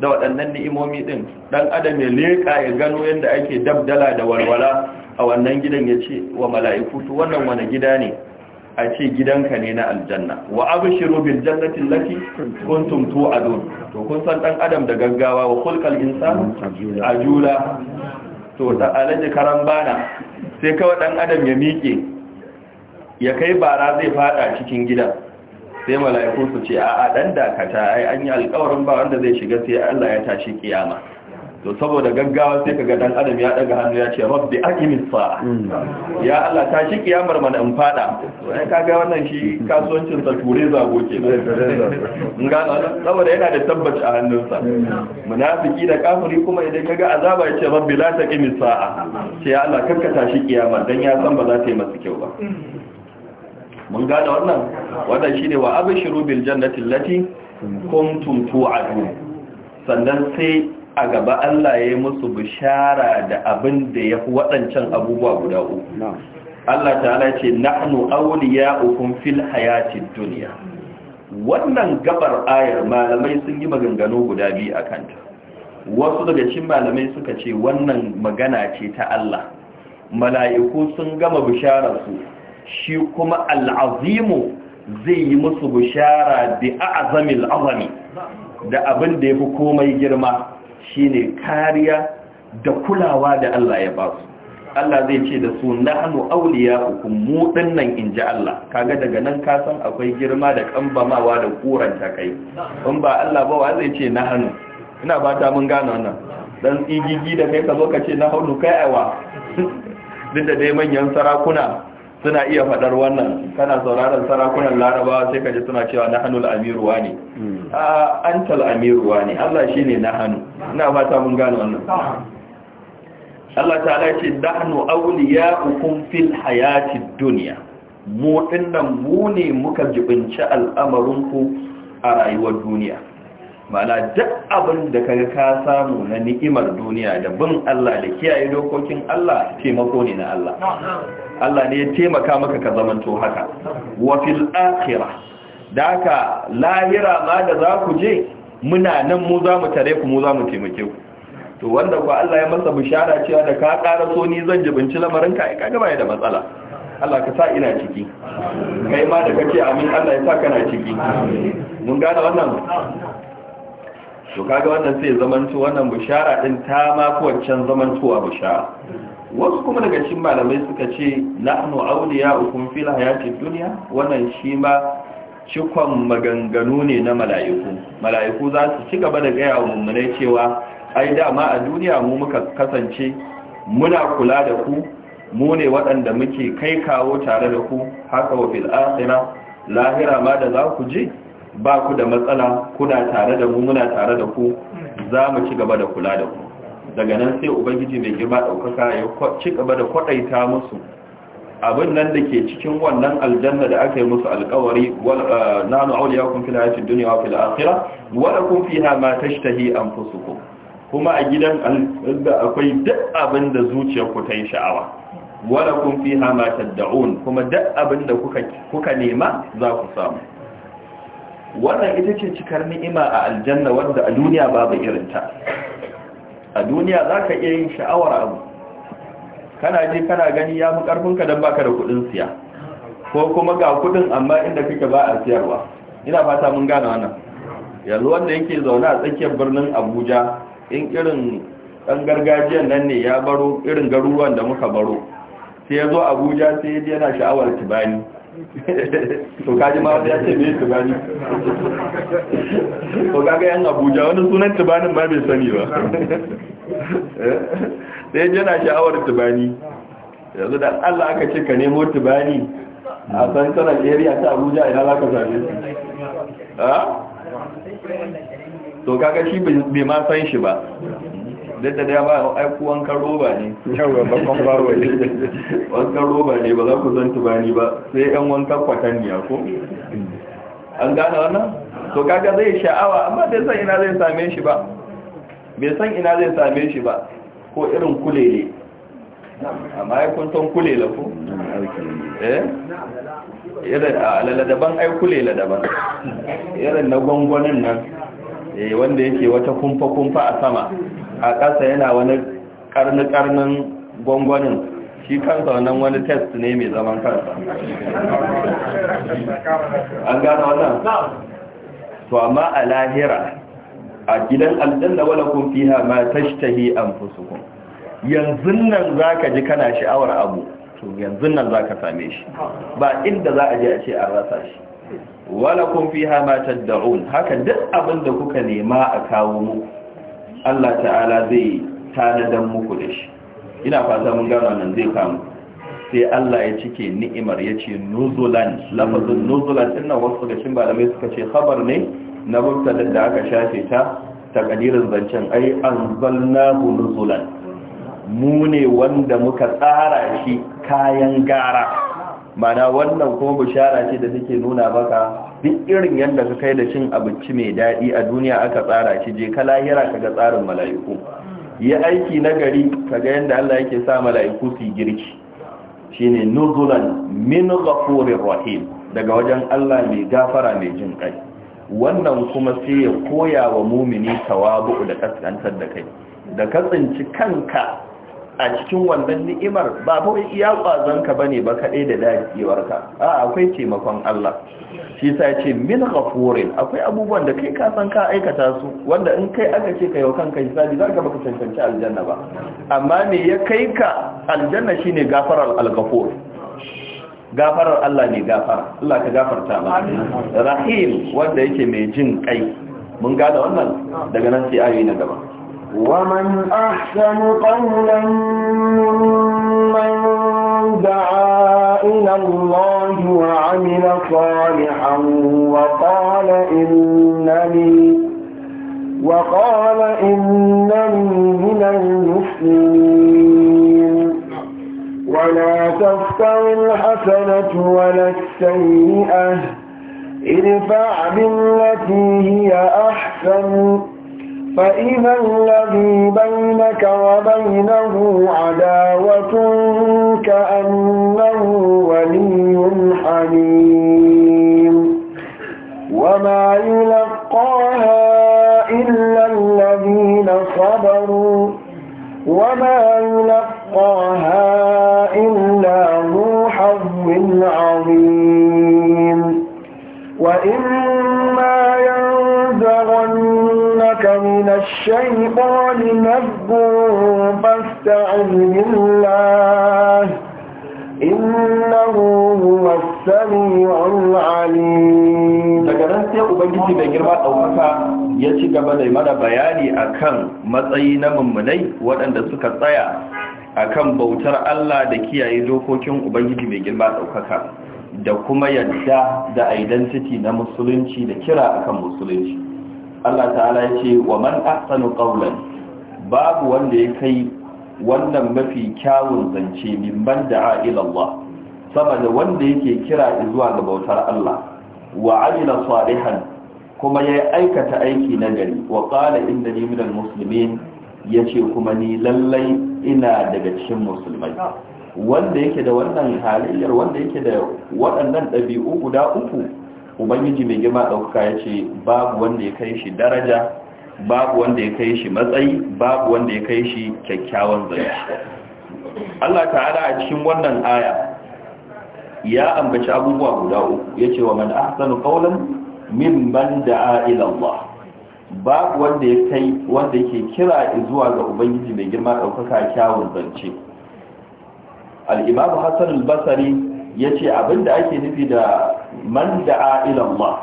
da waɗannan ni'imomi ɗin ɗan adam ya leƙa ya gano yadda ake dabdala da walwala a wannan gidan ya ce wa mala'iku wannan wani gida ne a ce gidanka ne na aljanna wa shiru bil jannati allati kuntum tu'adun to kun san dan adam da gaggawa wa khulqal insani ajula to da alaji karam bana sai kawai dan adam ya miƙe ya kai bara zai fada cikin gida sai mala'iku su ce a'a dan dakata ai an yi alƙawarin ba wanda zai shiga sai Allah ya tashi kiyama to saboda gaggawa sai kaga dan adam ya daga hannu ya ce rabbi aqimis sa'a mm. ya Allah ta shi kiyamar mana in fada sai kaga wannan shi kasuwancin sa ture zago ke in ga saboda yana da tabbaci a hannunsa mm. munafiki da kafiri kuma idan kaga azaba ya ce rabbi la taqimis sa'a sai ya Allah karkata shi kiyamar dan ya san ba za ta yi masa kyau ba mm. mun da wannan wannan shine wa abshiru bil jannati allati kuntum tu'adun sannan sai a gaba Allah ya yi musu bishara da abin da ya fi waɗancan abubuwa guda uku Allah ta ta'ala ce ya ukun fil hayatin duniya. wannan gabar ayar malamai sun yi maganganu guda biyu a kanta. wasu daga cin malamai suka ce wannan magana ce ta Allah mala'iku sun gama bisharar su shi kuma al'azimu zai yi musu bishara da a'azamin al’azami da abin da fi komai girma shine kariya da kulawa da Allah ya ba su Allah zai ce da su na auliya hukum mu dinnan ji Allah kaga daga nan ka san akwai girma da kambamawa da kuranta kai in ba Allah ba wa zai ce hannu? ina ba ta mun gane wannan dan igigi da kai ka zo ka ce nahnu kai aiwa duk da dai manyan sarakuna suna iya faɗar wannan kana sauraron sarakunan larabawa sai ka ji suna cewa na hannun amiruwa ne hmm. a antal amiruwa ne allah shi ne na hannu ina fata mun gano wannan allah ta ala ce dahnu auliya hukum fil hayati duniya mu nan mu ne muka jibinci al'amarinku a rayuwar duniya ma'ana duk abin da kaga ka samu na ni'imar duniya da bin Allah da kiyaye dokokin Allah taimako ne na Allah Allah ne ya taimaka maka ka zamanto haka wa fil akhirah da ka lahira ma da za ku je muna nan mu za mu tare ku mu za mu taimake ku to wanda ku Allah ya masa bishara cewa da ka ƙara so ni zan jibinci lamarin ka kaga baya da matsala Allah ka sa ina ciki kai ma da kace amin Allah ya sa kana ciki mun gane wannan to kaga wannan sai zamantu wannan bishara din ta ma zamantu a bishara wasu kuma daga cikin malamai suka ce nahnu awliya'ukum fil hayati dunya wannan shi ma cikon maganganu ne na mala'iku mala'iku za su ci gaba da gaya wa mummunai cewa ai dama a duniya mu muka kasance muna kula da ku mu ne waɗanda muke kai kawo tare da ku haka wa fil akhirah lahira ma da za ku je ba ku da matsala kuna tare da mu muna tare da ku za mu ci gaba da kula da ku daga nan sai ubangiji mai girma ɗaukaka ya ci gaba da kwadaita musu abin nan da ke cikin wannan aljanna da aka yi musu alkawari ah, nanu auliya kun fi duniya wa fil akhirah wala kun fiha ma tashtahi anfusukum kuma a gidan da akwai duk abin da zuciyarku ta yi sha'awa wala kun fiha ma tad'un kuma duk abin da kuka nema za ku samu wannan ita ce cikar ni'ima a aljanna wanda a duniya babu irinta a duniya za ka iya yin sha'awar abu kana je kana gani ya fi ƙarfinka don baka da kuɗin siya ko kuma ga kuɗin amma inda kake ba a siyarwa ina fata mun gane wannan yanzu wanda yake zaune a tsakiyar birnin abuja in irin ɗan gargajiyan nan ne ya baro irin garuruwan da muka baro sai ya zo abuja sai yana sha'awar tibani to kaji ma ya ce ne tubani to kaga yan abuja wani sunan tubanin ba bai sani ba eh? sai yana sha'awar tubani yanzu da allah aka ce ka nemo tubani a san tana area ta abuja ina za ka same su ah? to kaga shi bai ma san shi ba duk da ba aiku wankan roba ne yawa babban baro ne wankan roba ne ba za ku ba ni ba sai yan wankan kwatanniya ko an gane wannan to kaga zai sha'awa amma bai san ina zai same shi ba bai san ina zai same shi ba ko irin kulele amma ya kuntan kulela ko eh irin a ban ai kulela daban irin na gwangwanin nan eh wanda yake wata kumfa kumfa a sama a ƙasa yana wani karni karnin gwangwanin shi kansa wannan wani test ne mai zaman kansa an gano wannan to amma a lahira a gidan aljanna wala kun fiha ma tashtahi anfusukum yanzu nan zaka ji kana sha'awar abu to yanzu nan zaka same shi ba inda za a je a ce an rasa shi wala kun fiha ma tad'un haka duk abin da kuka nema a kawo muku Allah ta'ala zai tanadan muku da shi ina fata mun gano nan zai kamu sai Allah ya cike ni'imar ya ce nuzulan lafazin nuzulan din wasu daga cikin malamai suka ce khabar ne na mubtada da aka shafe ta ta takadirin zancen ai anzalnahu nuzulan mu ne wanda muka tsara shi kayan gara mana wannan kuma bishara ce da take nuna maka duk irin yadda ka kai da cin abinci mai daɗi a duniya aka tsara shi je ka lahira ka ga tsarin mala'iku yi aiki na gari ka ga yadda Allah yake sa mala'iku su girki shine nuzulan min ghafurir rahim daga wajen Allah mai gafara mai jin kai wannan kuma sai ya koya wa mumini tawabu da kaskantar da kai da ka tsinci kanka a cikin wannan ni'imar ba kawai iya ƙwazonka ba ne ba kaɗai da dacewarka a akwai taimakon Allah shi sa ce min ghafurin akwai abubuwan da kai ka san ka aikata su wanda in kai aka ce ka wa kanka hisabi za ka baka cancanci aljanna ba amma me ya kai ka aljanna shine gafarar al-ghafur gafarar Allah ne gafara Allah ka gafarta ba rahim wanda yake mai jin kai mun gada wannan daga nan sai ayoyi na gaba ومن أحسن قولا ممن دعا إلى الله وعمل صالحا وقال إنني وقال إنني من المسلمين ولا تفتر الحسنة ولا السيئة ادفع بالتي هي أحسن فإذا الذي بينك وبينه عداوة كأنه ولي حميم وما يلقاها الشيطان نبه فاستعذ بالله إنه هو السميع العليم daga nan sai ubangiji mai girma tsaukaka, ya ci gaba da yi mana bayani akan matsayi na mummunai waɗanda suka tsaya akan bautar Allah da kiyaye dokokin ubangiji mai girma tsaukaka da kuma yadda da identity na musulunci da kira akan musulunci Allah ta'ala ya ce wa man ahsanu qawlan babu wanda ya kai wannan mafi kyawun zance min ban da'a ila Allah saboda wanda yake kira zuwa ga bautar Allah wa amila salihan kuma ya aikata aiki na gari wa qala innani minal muslimin yace kuma ni lallai ina daga cikin musulmai wanda yake da wannan halayyar wanda yake da waɗannan ɗabi'u guda uku ubangiji mai girma ɗaukaka ya ce babu wanda ya kai shi daraja babu wanda ya kai shi matsayi babu wanda ya kai shi kyakkyawan zai Allah ta'ala a cikin wannan aya ya ambaci abubuwa guda uku ya ce wa man ahsanu qawlan man da'a ila Allah babu wanda ya kai wanda yake kira zuwa ga ubangiji mai girma ɗaukaka kyakkyawan zance al-imam Hassan al-Basri ya ce abinda ake nufi da man da'a ila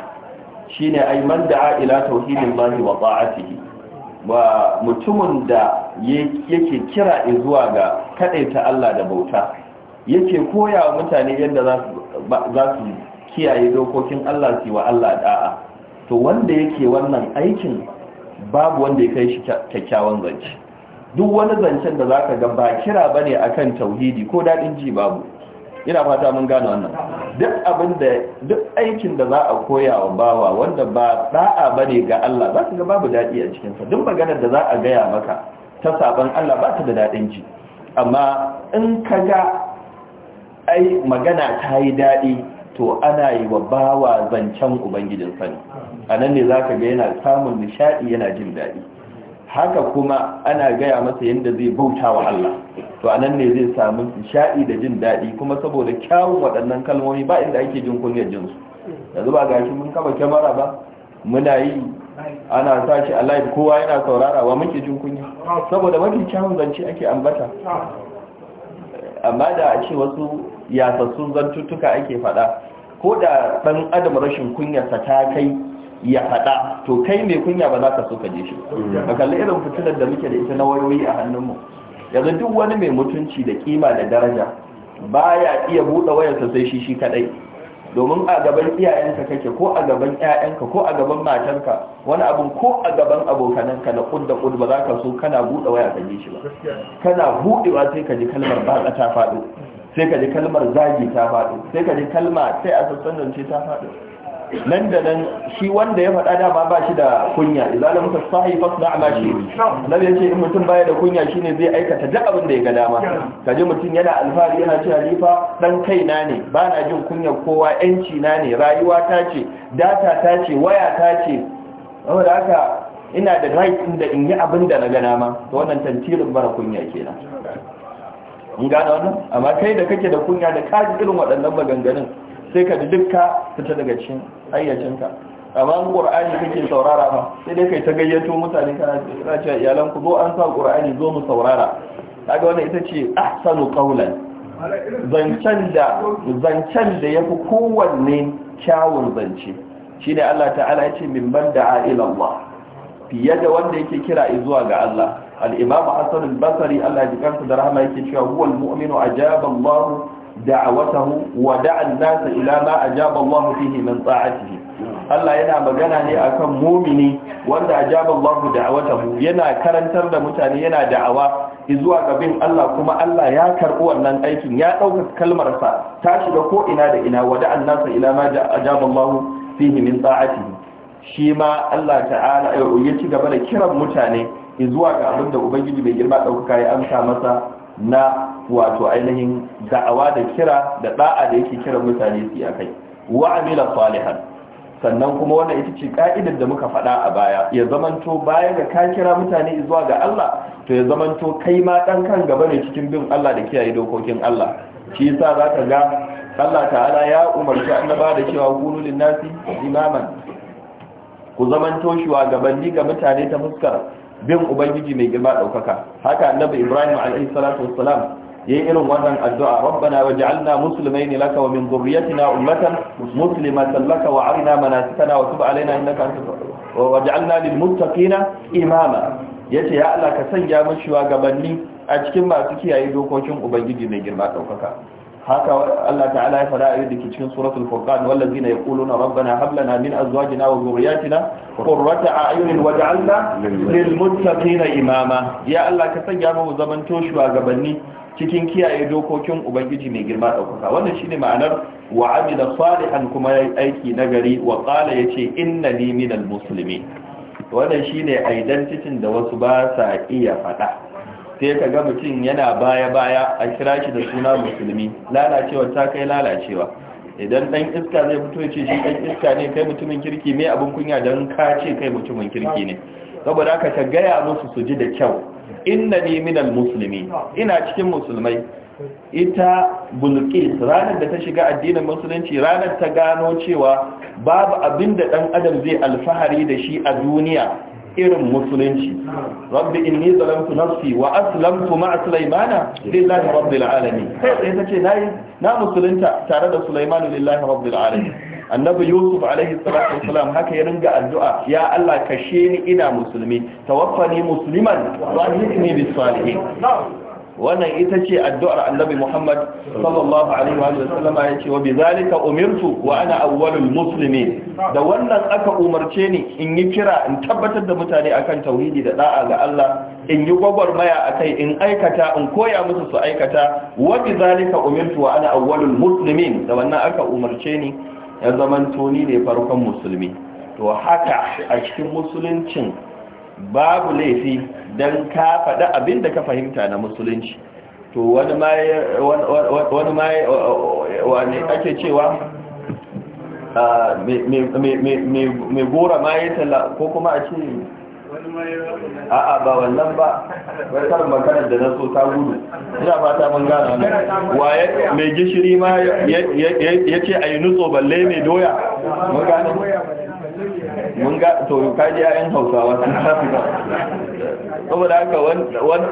shi ne ai man da'a ila tauhidin lahi wa ta'atihi wa mutumin da yake kira zuwa ga kadaita Allah da bauta yake koya wa mutane yadda za su kiyaye dokokin Allah su wa Allah da'a to wanda yake wannan aikin babu wanda ya kai shi kyakkyawan zance duk wani zancen da za zaka ga ba kira bane akan tauhidi ko daɗin ji babu ina fata mun gano wannan duk abin da duk aikin da za a koya wa bawa wanda ba da'a bane ga Allah za ka ga babu dadi a cikin sa duk maganar da za a gaya maka ta saban Allah ba ta da dadin ji amma in ka ga ai magana ta yi dadi to ana yi wa bawa zancen ubangijin sani anan ne za ka ga yana samun nishadi yana jin dadi haka kuma ana gaya masa yadda zai bauta wa Allah to anan ne zai samu nishaɗi da jin daɗi kuma saboda kyawun waɗannan kalmomi ba inda ake jin kunyar jinsu yanzu ba gashi mun kaba kyamara ba muna yi ana sa a live kowa yana saurara wa muke jin kunya saboda mafi kyawun zance ake ambata amma da a ce wasu yasassun zantuttuka ake faɗa ko da ɗan adam rashin kunyarsa ta kai ya faɗa to kai mai kunya ba za ka so ka je shi ba mm. kalli irin fitilar da muke da ita na wayoyi a hannunmu yanzu duk wani mai mutunci da kima da daraja baya iya buɗe wayarsa sai shi shi kaɗai. domin a gaban iyayenka kake ko a gaban iyayenka ko a gaban matarka wani abun ko a gaban abokananka na kudda kud ba za ka so kana buɗe waya ka ji shi ba kana buɗewa sai ka ji kalmar baka ta faɗo sai ka ji kalmar zagi ta faɗo sai ka ji kalma sai a sassan ta faɗo nan da nan shi wanda ya faɗa dama ba shi da kunya idan muka sahi fasna ma shi nan ce in mutum baya da kunya shine zai aikata duk abin da ya ga dama kaje mutum yana alfahari yana ce halifa dan kaina ne ba na jin kunya kowa yanci na ne rayuwa ta ce data ta ce waya ta ce saboda haka ina da right din da in yi abin da na ga dama to wannan tantirin bara kunya kenan in gane wannan amma kai da kake da kunya da kaji irin waɗannan maganganun sai ka dukka fita daga cikin ayyacinka amma in ƙur'ani kake saurara ba sai dai kai ta gayyato mutane kana tsira cewa iyalan ku zo an sa ƙur'ani zo mu saurara kaga wannan ita ce ahsanu qawlan zancen da zancen da yafi kowanne kyawun zance shine Allah ta'ala ya ce min banda ila Allah fiye da wanda yake kira zuwa ga Allah al-imam Hassan al-Basri Allah ya jikansa da rahama yake cewa huwal mu'minu ajaba Allah da'awatahu wa an-nas ila ma ajaba Allah fihi min ta'atihi Allah yana magana ne akan mumini wanda ajaba Allahu da'awatahu yana karantar da mutane yana da'awa zuwa ga bin Allah kuma Allah ya karbi wannan aikin ya dauka kalmar sa ta shiga ko ina da ina wa an-nas ila ma ajaba Allahu fihi min ta'atihi shi ma Allah ta'ala ya ci gaba da kiran mutane zuwa ga abinda Ubangiji mai girma ɗaukaka ya amsa masa na wato ainihin da'awa da kira da da'a da yake kira mutane su a kai wa amila salihan sannan kuma wannan ita ce ka'idar da muka faɗa a baya ya zamanto bayan da ka kira mutane zuwa ga Allah to ya zamanto kai ma dan kan gaba ne cikin bin Allah da kiyaye dokokin Allah shi yasa zaka ga Allah ta'ala ya umarci annaba da cewa kunu linnasi imaman ku zamanto gabanni ga mutane ta fuskar bin ubangiji mai girma daukaka haka annabi ibrahim alaihi salatu wassalam yayi irin wannan addu'a rabbana waj'alna muslimaini laka wa min dhurriyyatina ummatan muslimatan laka wa arina manasikana wa tub alaina innaka antat waj'alna lil muttaqina imama yace ya Allah ka sanya mun shugabanni a cikin masu kiyaye dokokin ubangiji mai girma daukaka haka Allah ta'ala ya fada a dake cikin suratul furqan wallazina yaquluna rabbana hab lana min azwajina wa dhurriyyatina qurrata a'yunin waj'alna lil muttaqina imama ya Allah ka sanya mu zaman toshuwa gabanni cikin kiyaye dokokin ubangiji mai girma daukaka wannan shine ma'anar wa amila salihan kuma yayi aiki nagari wa qala yace innani minal muslimin wannan shine identity da wasu ba sa iya fada sai ka ga mutum yana baya-baya a kira shi da suna musulmi lalacewa ta kai lalacewa idan dan iska zai fito ce shi ɗan iska ne kai mutumin kirki mai abin kunya don ka ce kai mutumin kirki ne saboda aka ka gaya musu su ji da kyau inna ni minal musulmi ina cikin musulmai ita bulkis ranar da ta shiga addinin musulunci ranar ta gano cewa babu abin da dan adam zai alfahari da shi a duniya irin musulunci rabbi inni zalamtu nafsi wa aslamtu ma'a sulaimana lillahi rabbil alamin sai sai tace nayi na musulunta tare da sulaimanu lillahi rabbil alamin annabi yusuf alaihi salatu wasalam haka ya ringa addu'a ya Allah kashe ni ina musulmi tawaffani musliman wa ahyini bis salihin wannan ita ce addu'ar annabi Muhammad sallallahu alaihi wa sallama ya ce wa bi umirtu wa ana awwalul muslimin da wannan aka umarce ni in yi kira in tabbatar da mutane akan tauhidi da da'a ga Allah in yi gwagwarmaya kai in aikata in koya musu su aikata wa bi umirtu wa ana awwalul muslimin da wannan aka umarce ni ya zamantoni ne farkon musulmi to haka a cikin musuluncin babu laifi don ka faɗi abin da ka fahimta na musulunci to wani ma wani ake cewa mai gora ma ya tala ko kuma a ce a'a ba wannan ba karin makarar da na so ta gudu ina fata mun gana waye mai gishiri ma ya ce a yi nutso balle mai doya mun gane mun ga to ka ji ayan hausawa sun tafi ba saboda haka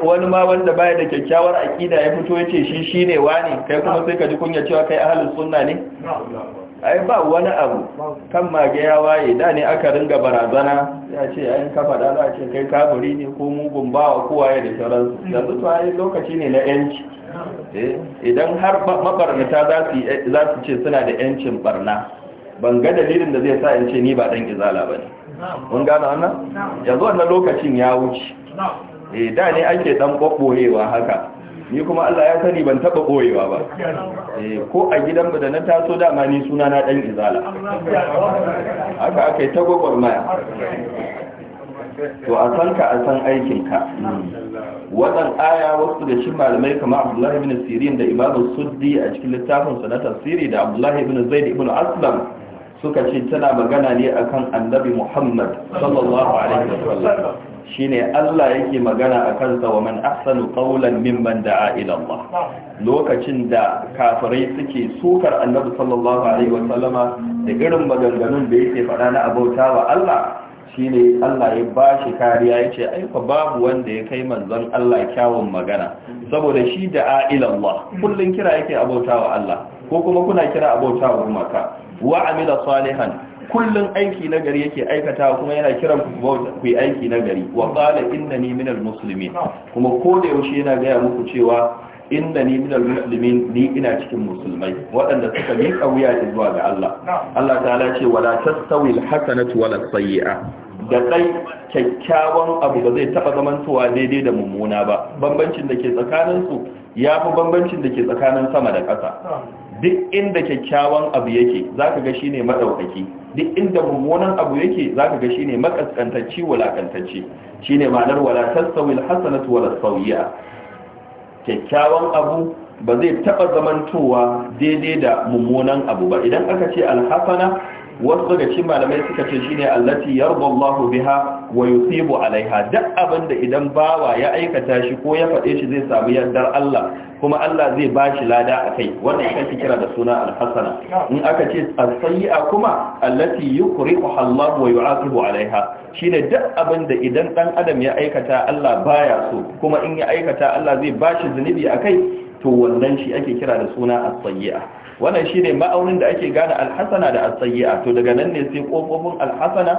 wani ma wanda baya da kyakkyawar aƙida ya fito yace shi shine wani kai kuma sai ka ji kunya cewa kai ahlus sunna ne ai ba wani abu kan mage ya waye da ne aka ringa barazana ya ce ayin ka faɗa za a ce kai kafiri ne ko mugun bawa waye da sauransu da su ai lokaci ne na yanci eh, idan har mabarnata za su ce suna da yancin barna ban ga dalilin da zai sa in ce ni ba dan izala ba ne mun gano wannan yanzu wannan lokacin ya wuce eh da ne ake dan bobboyewa haka ni kuma Allah ya sani ban taba boyewa ba eh ko a gidanmu da na taso dama ni suna na dan izala haka aka yi ta gwagwarmaya to a san ka a san aikinka wadan aya wasu da shi malamai kamar abdullahi ibn sirin da Imam suddi a cikin littafin sa na tafsiri da abdullahi ibn zaid ibn aslam suka ce tana magana ne akan annabi Muhammad sallallahu alaihi wasallam shine Allah yake magana akan sa wa man ahsanu qawlan mimman da'a ila Allah lokacin da kafirai suke sukar annabi sallallahu alaihi wasallama da irin maganganun da yake faɗa na abauta wa Allah shine Allah ya bashi kariya yace ai fa babu wanda ya kai manzon Allah kyawun magana saboda shi da'a ila Allah kullun kira yake abauta wa Allah ko kuma kuna kira abauta wa gumaka wa amila salihan kullun aiki na gari yake aikata kuma yana kiran ku ku yi aiki na gari wa qala innani minal muslimin kuma ko da yaushe yana gaya muku cewa inda ni minal muslimin ni ina cikin musulmai waɗanda suka miƙa wuya zuwa ga Allah Allah ta'ala ce wala tastawi alhasanatu wala sayyi'a da dai kyakkyawan abu ba zai taba zamantowa daidai da mummuna ba bambancin da ke tsakanin su yafi bambancin da ke tsakanin sama da ƙasa duk inda kyakkyawan abu yake zaka ga shine madaukaki duk inda mummunan abu yake zaka ga shine makaskantacci walakantacci shine ma'anar wala tasawil hasanatu wala sawiya kyakkyawan abu ba zai taɓa zamantowa daidai da mummunan abu ba idan aka ce alhasana wasu daga cikin malamai suka ce shine allati yarda Allahu biha wa yusibu alaiha duk abinda idan bawa ya aikata shi ko ya faɗe shi zai samu yardar Allah kuma Allah zai ba shi lada kai wannan ita kira da suna al in aka ce as-sayyi'a kuma allati yukrihu Allah wa yu'aqibu alaiha shine duk abinda idan dan adam ya aikata Allah baya so kuma in ya aikata Allah zai ba shi zunubi kai, to wannan shi ake kira da suna as-sayyi'a wannan shi ne ma'aunin da ake gane Alhassana da as to daga nan ne sai ƙofofin Alhassana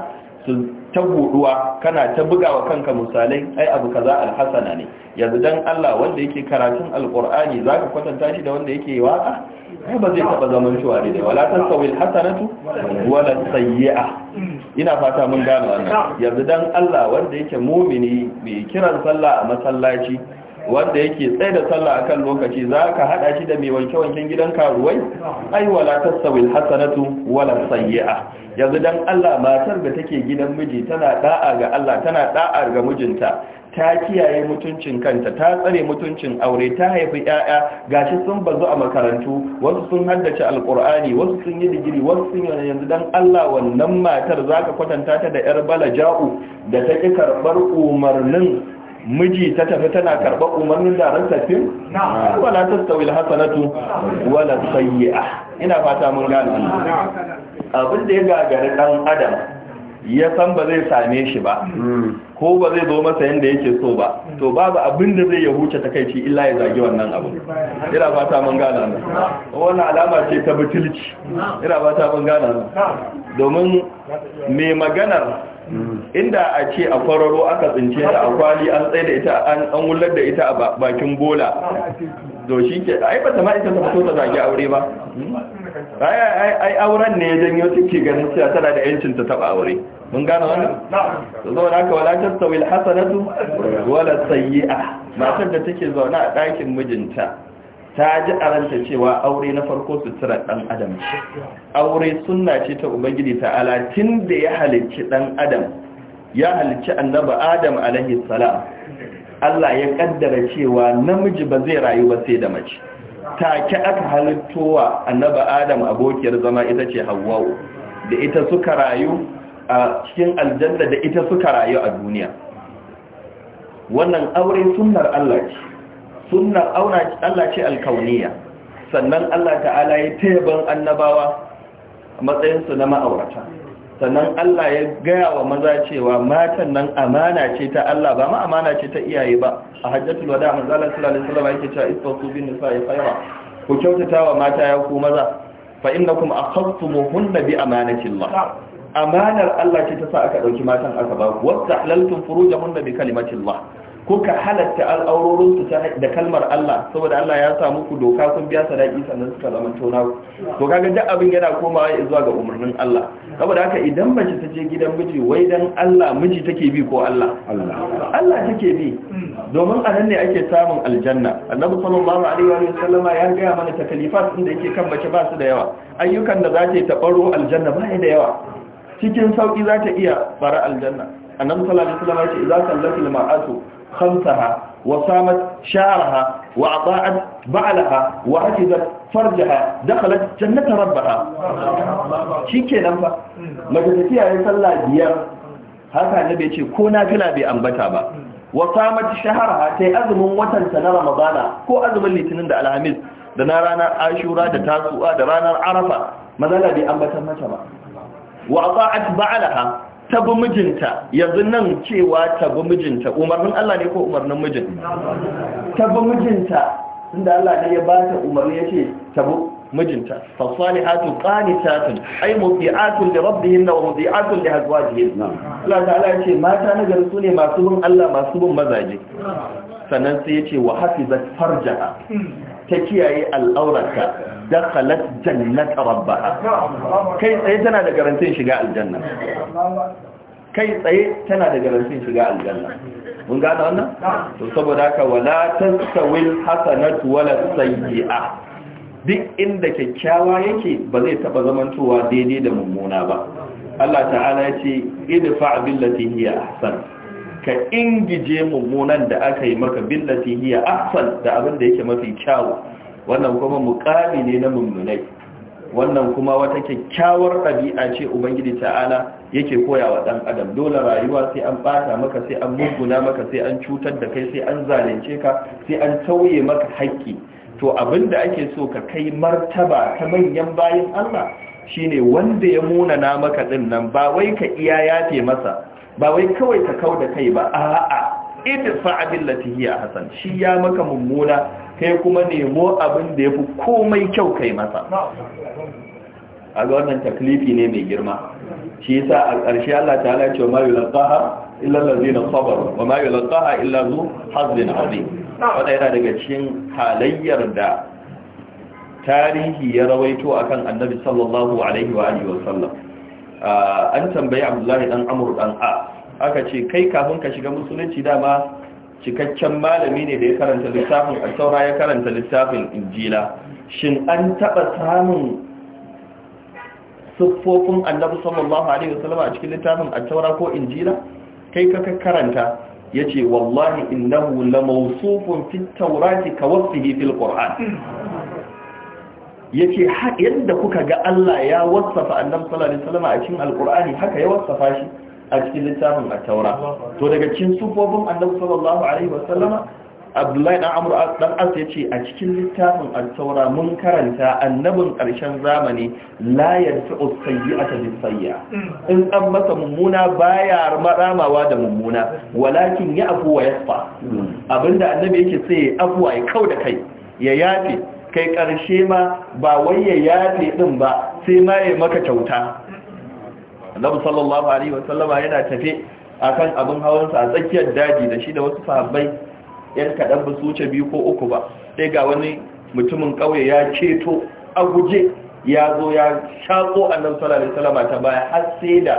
su ta buɗuwa? kana ta bugawa kanka misalai ai abu kaza Alhassana ne yanzu dan Allah wanda yake karatun alqur'ani zaka kwatanta shi da wanda yake waka ai ba zai taba zaman shuwari ne. wala tasawil hasanatu wala sayyi'a ina fata mun gane wannan yanzu dan Allah wanda yake mumini mai kiran sallah a masallaci wanda yake tsaye da sallah akan lokaci za ka hada shi da mai wanke-wanken gidan karuwai ai wala tasawil hasanatu wala sayyi'a yanzu dan Allah matar da take gidan miji tana da'a ga Allah tana da'a ga mijinta ta kiyaye mutuncin kanta ta tsare mutuncin aure ta haifi ƴaƴa gashi sun bazu a makarantu wasu sun haddace alqur'ani wasu sun yi digiri wasu sun yi yanzu dan Allah wannan matar zaka kwatanta ta da yar balaja'u da ta take karbar umarnin miji ta tafi tana karɓar umarnin da ran tafi wala ta tsawil hasanatu wala sayyi'a ina fata mun gane abin da ya gagari ɗan adam ya san ba zai same shi ba hmm. ko ba zai zo masa yadda yake so ba to babu abin da zai ya huce takaici illa ya zagi wannan abu ina fata mun gane nan wannan alama ce ta butulci ina fata mun gane nan domin mai maganar inda a ce a fararo aka tsince ta a kwali an tsaye da ita an wular da ita a bakin bola to shi ke ai ba ta ma ita ta fito ta zagi aure ba ai auren ne ya janyo take ganin cewa tana da yancin ta taba aure mun gano wannan na zo na ka wala ta tsawil hasanatu wala a matar da take zaune a ɗakin mijinta ta ji a ranta cewa aure na farko sutura ɗan adam aure suna ce ta ubangiji ta alatin da ya halicci ɗan adam ya halicci annaba adam alaihi Allah ya ƙaddara cewa namiji ba zai rayu ba sai da mace take aka halittowa annaba adam abokiyar zama ita ce hawawo da ita suka rayu a cikin aljanna da ita suka rayu a duniya wannan aure sunnar Allah ce sunnar Allah ce alkauniya sannan Allah ta'ala ya teban annabawa matsayinsu na ma'aurata sannan Allah ya gaya wa maza cewa matan nan amana ce ta Allah ba ma amana ce ta iyaye ba a hajjatul wada manzo Allah sallallahu alaihi wasallam yake cewa isfasu bin nisa'i khayra ku kyautata wa mata ya ku maza fa innakum akhadtumuhunna bi amanatillah amanar Allah ce ta sa aka dauki matan aka ba ku wasta halaltum furujahunna bi kalimatillah kuka halatta al'aurorinsu da kalmar Allah saboda Allah ya sa muku doka kun biya sadaki sannan suka zama tona to kaga duk abin yana komawa zuwa ga umarnin Allah saboda haka idan mace ta je gidan miji wai dan Allah miji take bi ko Allah Allah take bi domin a nan ne ake samun aljanna annabi sallallahu alaihi wa sallam ya ga mana takalifat inda yake kan mace ba su da yawa ayyukan da za ta yi tabaro aljanna ba da yawa cikin sauki za ta iya fara aljanna annabi sallallahu alaihi wa sallam ya ce idza kallatil al-ma'asu خمسها وصامت شعرها وأطاعت بعلها وحفظت فرجها دخلت جنة ربها شي kenan fa mace tafiya ya sallah biyar haka na ya ce ko na fila bai ambata ba wa samat shaharaha tai azumin watan ta na ramadana ko azumin litinin da alhamis da na ranar ashura da tasu'a da ranar arafa mazala bai ambatar mata ba wa ata'at ba'alaha tabi mijinta yanzu nan cewa tabi mijinta umarnin Allah ne ko umarnin mijin tabi mijinta inda Allah ne ya bata umarni yace tabi mijinta fasalihatu qanitatun ay muti'atun li rabbihinna wa muti'atun li azwajihinna Allah ta'ala yace mata na gari sune masu bin Allah masu bin mazaje sannan sai yace wa hafizat farjaha ta kiyaye al'aurata dakhalat jannata rabbaha kai tsaye tana da garantin shiga aljanna kai tsaye tana da garantin shiga aljanna mun gane wannan to saboda haka wala tasawil hasanatu wala sayyi'a duk inda kyakkyawa yake ba zai taba zamantowa daidai da mummuna ba Allah ta'ala ya ce idfa billati hiya ahsan ka ingije mummunan da aka yi maka billati hiya ahsan da abin da yake mafi kyawu wannan kuma mukami ne na mummunai wannan kuma wata kyakkyawar ɗabi'a ce ubangiji ta'ala yake koya wa ɗan adam dole rayuwa sai an ɓata maka sai an muguna maka sai an cutar da kai sai an zalunce ka sai an tauye maka haƙƙi to abin da ake so ka kai martaba ta manyan bayan Allah shine wanda ya munana maka ɗin nan ba wai ka iya yafe masa ba wai kawai ka kau da kai ba a'a idfa billati hiya hasan shi ya maka mummuna kai kuma nemo abin da yafi komai kyau kai masa a ga wannan taklifi ne mai girma shi yasa a ƙarshe Allah ta'ala ya ce wa ma yulqaha illa allazina sabaru wa ma yulqaha illa zu hazbin azim wanda yana daga cikin halayyar da tarihi ya rawaito akan annabi sallallahu alaihi wa alihi wa sallam ah, an tambayi abdullahi dan amr dan a aka ce kai kafin ka shiga musulunci dama cikakken malami ne da ya karanta littafin asaura ya karanta littafin injila shin an taba samun siffofin annabi sallallahu alaihi wasallam a cikin littafin asaura ko injila kai ka karanta Ya ce wallahi innahu lamawsufun fit tawrati kawasihi fil qur'an yace yadda kuka ga Allah ya wasafa annabi sallallahu alaihi wasallam a cikin alqur'ani haka ya wasafa shi a cikin littafin a taura to daga cikin sufofin annabi sallallahu alaihi wasallama abdullahi dan amur dan as ya ce a cikin littafin a taura mun karanta annabin ƙarshen zamani la yarfi'u sayyi'ata bis-sayyi'a in an masa mummuna baya ramawa da mummuna walakin ya afu wa yasfa abinda annabi yake sai afuwa ya da kai ya yafe kai ƙarshe ma ba wai ya yafe din ba sai ma ya maka kyauta annabi sallallahu alaihi wa sallama yana tafe akan abin hawansa a tsakiyar daji da shi da wasu sahabbai yan kaɗan ba su wuce biyu ko uku ba sai ga wani mutumin ƙauye ya ceto a guje ya zo ya shako annabi sallallahu alaihi wa sallama ta baya har sai da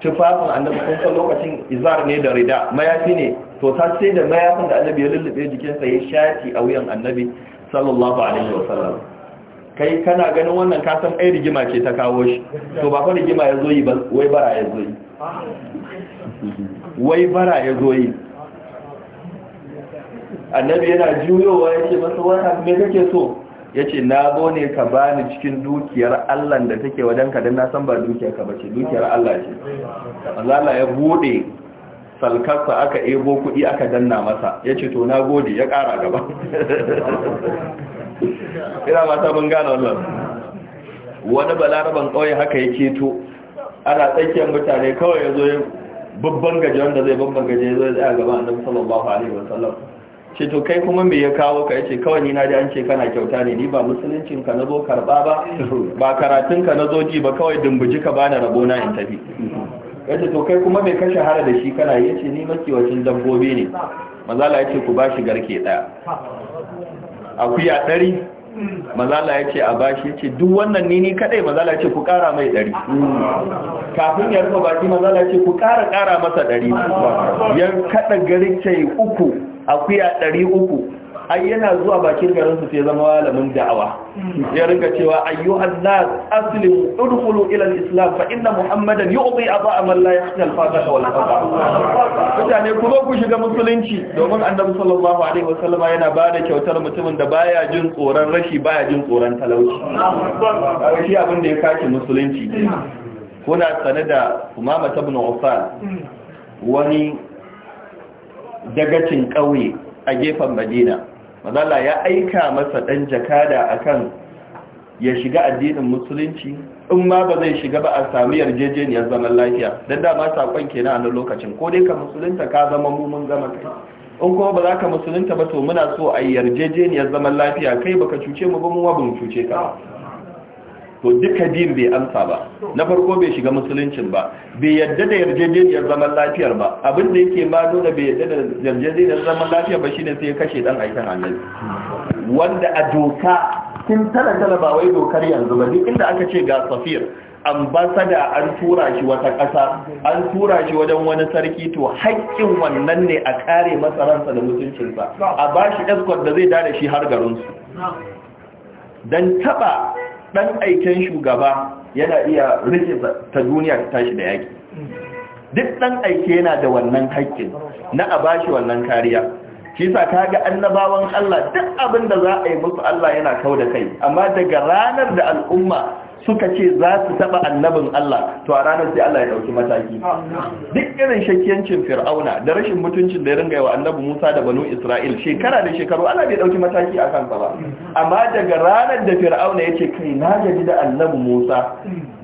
tufafin annabi kun san lokacin izar ne da rida mayafi ne to ta sai da mayafin da annabi ya lullube jikinsa ya shati a wuyan annabi sallallahu alaihi wa sallam kai kana ganin wannan kasan ai rigima ce ta kawo shi to ba fa rigima ya zo yi ba wai bara ya zo yi wai bara ya zo yi annabi yana juyowa ya ce masa wani me kake so Yace na zo ne ka bani cikin dukiyar allah da take wajenka dan na san ba dukiyar ka bace dukiyar allah ce allah ya bude salkarsa aka ebo kuɗi aka danna masa Yace to na gode ya ƙara gaba ina mata mun gane wannan wani balaraban ƙauye haka ya keto ana tsakiyar mutane kawai ya zo babban gaji wanda zai babban gaji ya zo ya gaba annabi sallallahu alaihi wasallam ce to kai kuma me ya kawo ka yace kawai ni na ji an ce kana kyauta ne ni ba musuluncin ka nazo karba ba ba karatun ka nazo ji ba kawai dumbuji ka bani rabo na in tafi yace to kai kuma me ka shahara da shi kana yace ni makiwacin dabbobi ne manzala yace ku bashi garke daya akuya ɗari mazala ya ce a bashi ce duk wannan nini kaɗai mazala ya ce ku kara mai ɗari kafin ya rufe baki mazala ya ce ku kara kara masa ɗari ya kada garke uku akuya ɗari uku ai yana zuwa bakin garin su sai zama malamin da'awa ya rinka cewa ayyuhan nas aslimu udkhulu ila alislam islam fa inna muhammadan yu'ti aba'a man la yahtal fataha wal fataha mutane ku zo ku shiga musulunci domin annabi sallallahu alaihi wasallam yana bada kyautar mutumin da baya jin tsoron rashi baya jin tsoron talauci shi abin da ya kashi musulunci kuna sane da umama ibn usan wani dagacin ƙauye a gefen madina mazala ya aika masa ɗan jakada akan ya shiga addinin musulunci in ma ba zai shiga ba a sami yarjejeniyar zaman lafiya da dama saƙon kenan a lokacin ko dai ka musulunta ka zama mun zama kai in kuma ba za ka musulunta ba to muna so a yarjejeniyar zaman lafiya kai baka cuce mu ba mu wa cuce ka to duka din bai amsa ba na farko bai shiga musuluncin ba bai yadda da yarjejeniyar zaman lafiyar ba abin da yake ma nuna bai yadda da yarjejeniyar zaman lafiyar ba shine sai ya kashe dan aikin annabi wanda a doka tun tara tana ba wai dokar yanzu ba duk inda aka ce ga safir ambasada an tura shi wata ƙasa an tura shi wajen wani sarki to haƙƙin wannan ne a kare masa ransa da mutuncinsa a bashi shi escort da zai dada shi har garinsu dan taɓa ɗan aiken shugaba yana iya rike ta duniya ta tashi da yaki duk ɗan aike yana da wannan haƙƙin na a bashi wannan kariya shi sa ka ga annabawan Allah duk abin da za a yi musu Allah yana kau da kai amma daga ranar da al'umma suka ce za su taba annabin Allah to a ranar sai Allah ya dauki mataki duk irin shakiyancin fir'auna da rashin mutuncin da ya ringa wa annabi Musa da banu Isra'il shekara da shekaru Allah bai dauki mataki a kansa ba amma daga ranar da fir'auna ya ce kai na gaji da annabi Musa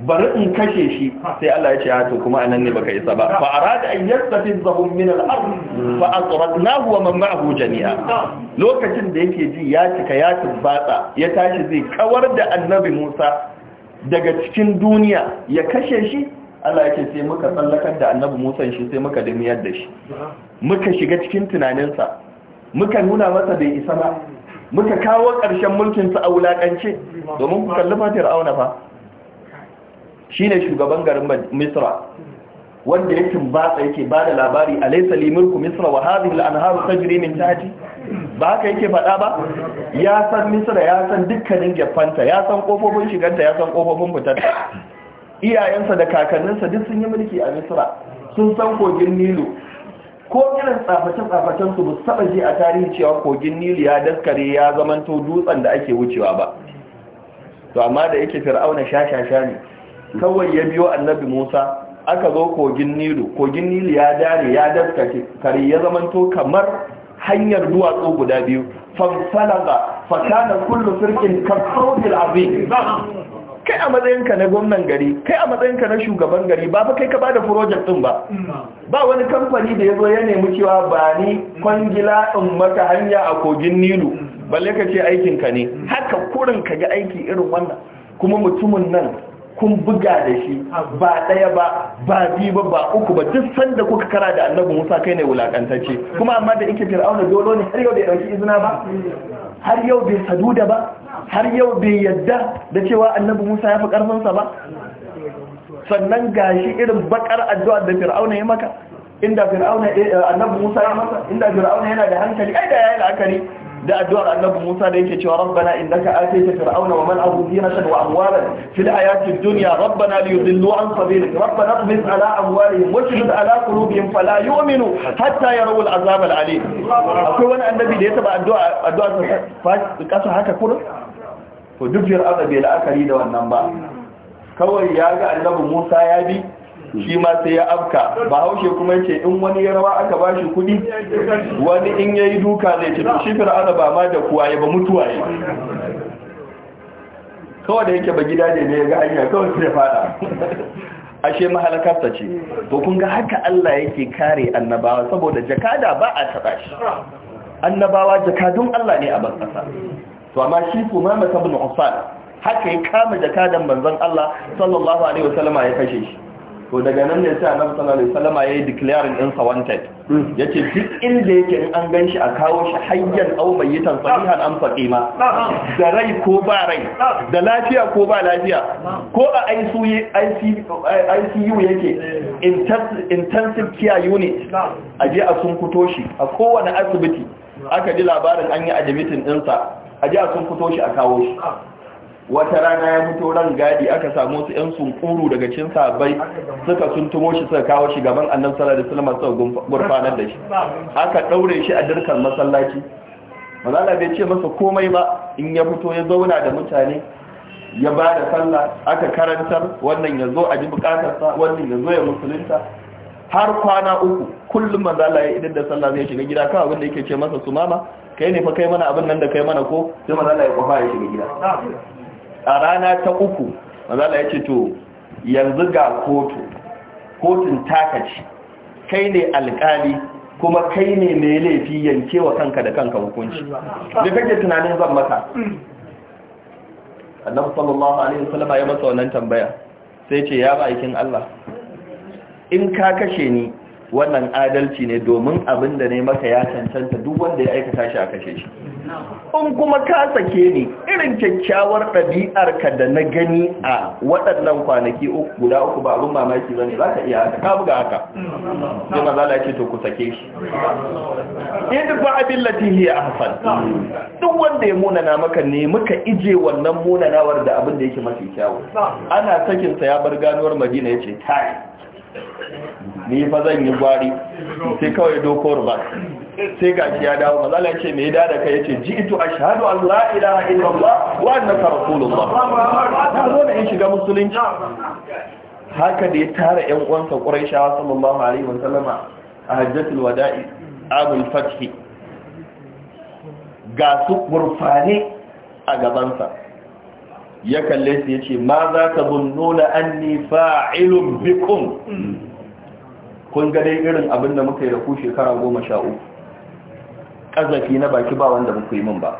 bari in kashe shi sai Allah ya ce ha ah, to kuma anan ne baka isa ba fa arada an yastafizahum min al-ard fa asratnahu wa man ma'ahu jami'a lokacin da yake ji ya cika ya tubbatsa ya tashi zai kawar da annabi Musa daga cikin duniya ya kashe shi Allah ya ce sai muka tsallakar da annabi Musa shi sai muka dumiyar da shi muka shiga cikin tunaninsa muka nuna masa bai isa ba muka kawo ƙarshen mulkin sa a wulaƙance domin ku kalli fatir auna fa shine shugaban garin Misra wanda yake batsa yake bada labari alaysa li mulku Misra wa hadhihi al-anharu tajri min tahti ba ka yake faɗa ba ya san misra ya san dukkanin gefanta ya san ƙofofin shiganta ya san ƙofofin fitarta iyayensa da kakanninsa duk sun yi mulki a misra sun san kogin nilu ko irin tsafacen ba su taɓa ji a tarihi cewa kogin nilu ya daskare ya zamanto dutsen da ake wucewa ba to amma da yake fir'auna shashasha ne kawai ya biyo annabi musa aka zo kogin nilu kogin nilu ya dare ya daskare ya zamanto kamar hanyar duwatsu guda biyu fanfalaga fakana kullu firkin kasawil azim kai a matsayinka na gwamnan gari kai a matsayinka na shugaban gari ba fa kai ka bada project din ba ba wani kamfani da ya zo ya nemi cewa ba ni kwangila in maka hanya a kogin Nilu balle ka ce aikinka ne haka kurin ka ga aiki irin wannan kuma mutumin nan kun buga da shi ba ɗaya ba ba biyu ba ba uku ba duk sanda kuka kara da annabi musa kai ne wulakantacce kuma amma da ike fir'auna dole ne har yau bai ɗauki izina ba har yau bai saduda ba har yau bai yadda da cewa annabi musa ya fi ƙarfinsa ba sannan gashi irin bakar addu'a da fir'auna ya maka inda fir'auna eh, annabi musa ya maka inda fir'auna yana da hankali ai da yayi la'akari da addu'ar annabi Musa da yake cewa rabbana innaka atayta fir'auna wa mal'ahu zinatan wa amwalan fil hayati dunya rabbana liyudillu an sabilik rabbana qmis ala amwalihim wajhid ala qulubihim fala yu'minu hatta yarawul azab al'alim akwai wani annabi da ya taba addu'a addu'a kasa haka kullum to duk fir'auna bai la'akari da wannan ba kawai ya ga annabi Musa ya bi shi ma sai ya afka ba haushe kuma ce in wani ya rawa aka bashi kuɗi wani in yayi duka zai ci to shi fir'auna ba ma da kuwaye ba mutuwaye kawai da yake ba gida ne ya ga hanya kawai sai ya fada ashe mahalakarsa ce to kun ga haka Allah yake kare annabawa saboda jakada ba a taba shi annabawa jakadun Allah ne a bankasa to amma shi kuma mata bin Usman haka ya kama jakadan manzon Allah sallallahu alaihi wasallama ya kashe shi to daga nan ne sai annabi sallallahu alaihi wasallam ya yi declaring in sa wanted yace duk inda yake in an ganshi a kawo shi hayyan aw mayitan sahihan am faqima da rai ko ba rai da lafiya ko ba lafiya ko a ICU ICU yake intensive care unit a je a sun fito shi a kowane asibiti aka ji labarin an yi admitting din sa je a sun fito shi a kawo shi wata rana ya mutu ran gadi aka samu su yan sunkuru daga cin sabai suka tuntumo shi suka kawo shi gaban annabi sallallahu alaihi wasallam suka gurfanar da shi aka daure shi a dirkan masallaci malala bai ce masa komai ba in ya fito ya zauna da mutane ya ba da sallah aka karantar wannan ya zo a ji sa wannan ya zo ya musulunta har kwana uku kullum manzala ya idan da sallah zai shiga gida kawai wanda yake ce masa su mama kai ne fa kai mana abin nan da kai mana ko sai manzala ya kwafa ya shiga gida a rana ta uku mazala ya ce to yanzu ga kotu kotun takaci kai ne alkali kuma kai ne mai laifi yankewa kanka da kanka hukunci da kake tunanin zan mata annabi sallallahu alaihi wasallam ya masa wannan tambaya sai ce ya baikin Allah in ka kashe ni wannan adalci ne domin abin da ne maka ya cancanta duk wanda ya aikata shi a kashe shi in kuma ka sake ne irin kyakkyawar ɗabi'ar ka da na gani a waɗannan kwanaki guda uku ba abin mamaki ba ne za ka iya haka ka buga haka maza mazala ce to ku sake shi yadda ba abin latihi a hasan duk wanda ya munana maka ne muka ije wannan munanawar da abin da yake mafi kyawu ana sakinsa ya bar ganuwar madina ya ce ni fa zan yi gwari sai kawai dokowar ba sai ga shi ya dawo mazala ce mai da kai yace ji'tu ashhadu an la ilaha illallah wa annaka rasulullah ta zo da in shiga musulunci haka da ya tara 'yan uwansa quraishawa sallallahu alaihi wa sallama a hajjatul wada'i abul fathi ga su gurfane a gabansa ya kalle su ya ce ma za ta nuna an ni fa'ilun bikun kun ga dai irin abin da muka yi da ku shekara goma sha uku ƙazafi na baki ba wanda muku yi min ba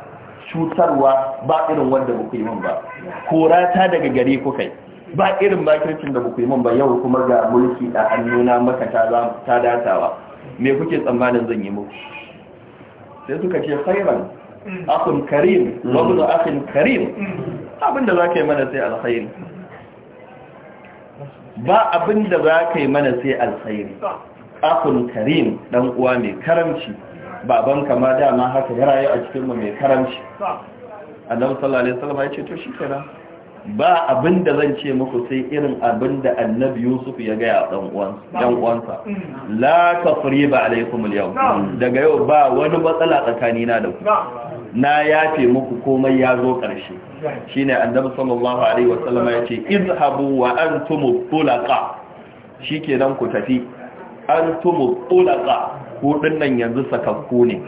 cutarwa ba irin wanda muku yi min ba korata daga gare ku kai ba irin bakircin da muku yi min ba yau kuma ga mulki a hannuna maka ta datawa me kuke tsammanin zan yi muku sai suka ce khairan mm. akun karim wabnu akun karim mm. abinda za ka yi mana sai alkhairi ba abinda za ka yi mana sai alkhairi akun karim dan uwa mai karamci baban kama dama haka ya rayu a cikinmu mai karamci annabi sallallahu alaihi wasallam ya ce to shi ba abin zan ce muku sai irin abinda annabi yusuf ya gaya ɗan uwansa la ta alaikum yau daga yau ba wani matsala tsakani na da ku na yafe muku komai ya zo ƙarshe Shi ne shine annabi sallallahu alaihi wasallam ya ce Iz Habu wa An tumu shi ke nan ku tafi An tumu tulaqa ku nan yanzu sakakku ne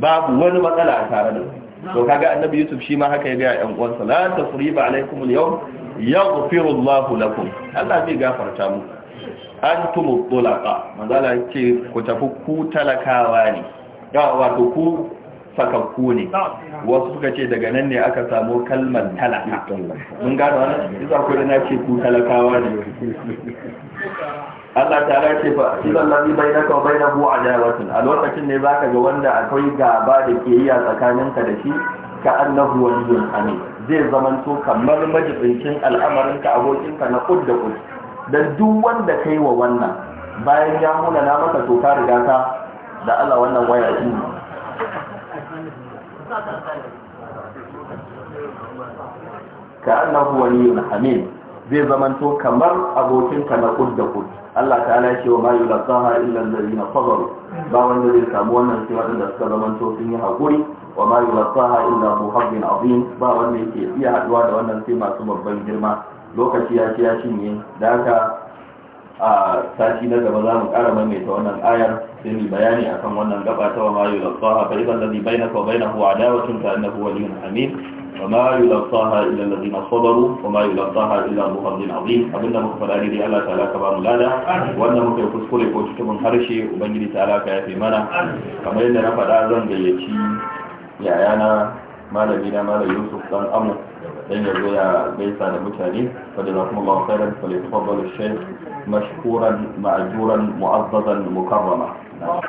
babu wani matsala a tare da to kaga annabi yusuf shi ma haka ya ga yan uwansa la tasriba alaikum al-yawm yaghfiru Allahu lakum Allah zai gafarta mu. An tumu manzo Allah ya ce ku tafi ku talakawa ne wato ku sakakku ne wasu suka ce daga nan ne aka samu kalmar talaka mun gano wannan isa ko da na ku talakawa ne Allah ta ce fa idan ladhi bainaka wa bainahu adawatun a lokacin ne zaka ga wanda akwai gaba da ke yi a tsakaninka da shi ka annahu waliyyun amin zai zamanto kamar majibincin al'amarinka abokinka na kud da kud dan duk wanda kai wa wannan bayan ya muna na maka to ka riga ka da Allah wannan waya ne ka annahu waliyun hamid zai zamanto kamar abokinka na kud da kud Allah ta'ala ya ce wa ma yulqaha illa na sabaru ba wanda zai samu wannan sai wanda suka zamanto sun yi hakuri wa ma yulqaha illa muhabbin azim ba wanda yake iya haduwa da wannan sai masu babban girma lokaci ya ce ya shinye da haka a sati na gaba za mu kara ta wannan ayar sai mu bayani akan wannan gaba ta wa ma yulqaha fa idan bai na ladhi bainaka wa bainahu adawatun ka annahu waliyyun hamid wa ma yulqaha illa alladhina sabaru wa ma yulqaha illa dhu hadin azim abinda muka fada dai Allah ta'ala ka ba mu lada wannan muka yi kuskure ko cikin harshe ubangiji ta'ala ka yafe mana kamar yadda na fada zan gayyaci yayana malami na malam Yusuf dan Amu dan ya ya gaisa da mutane fa da kuma ba khairan fa li tafaddal shaykh mashkuran ma'juran mu'azzazan mukarrama Amen.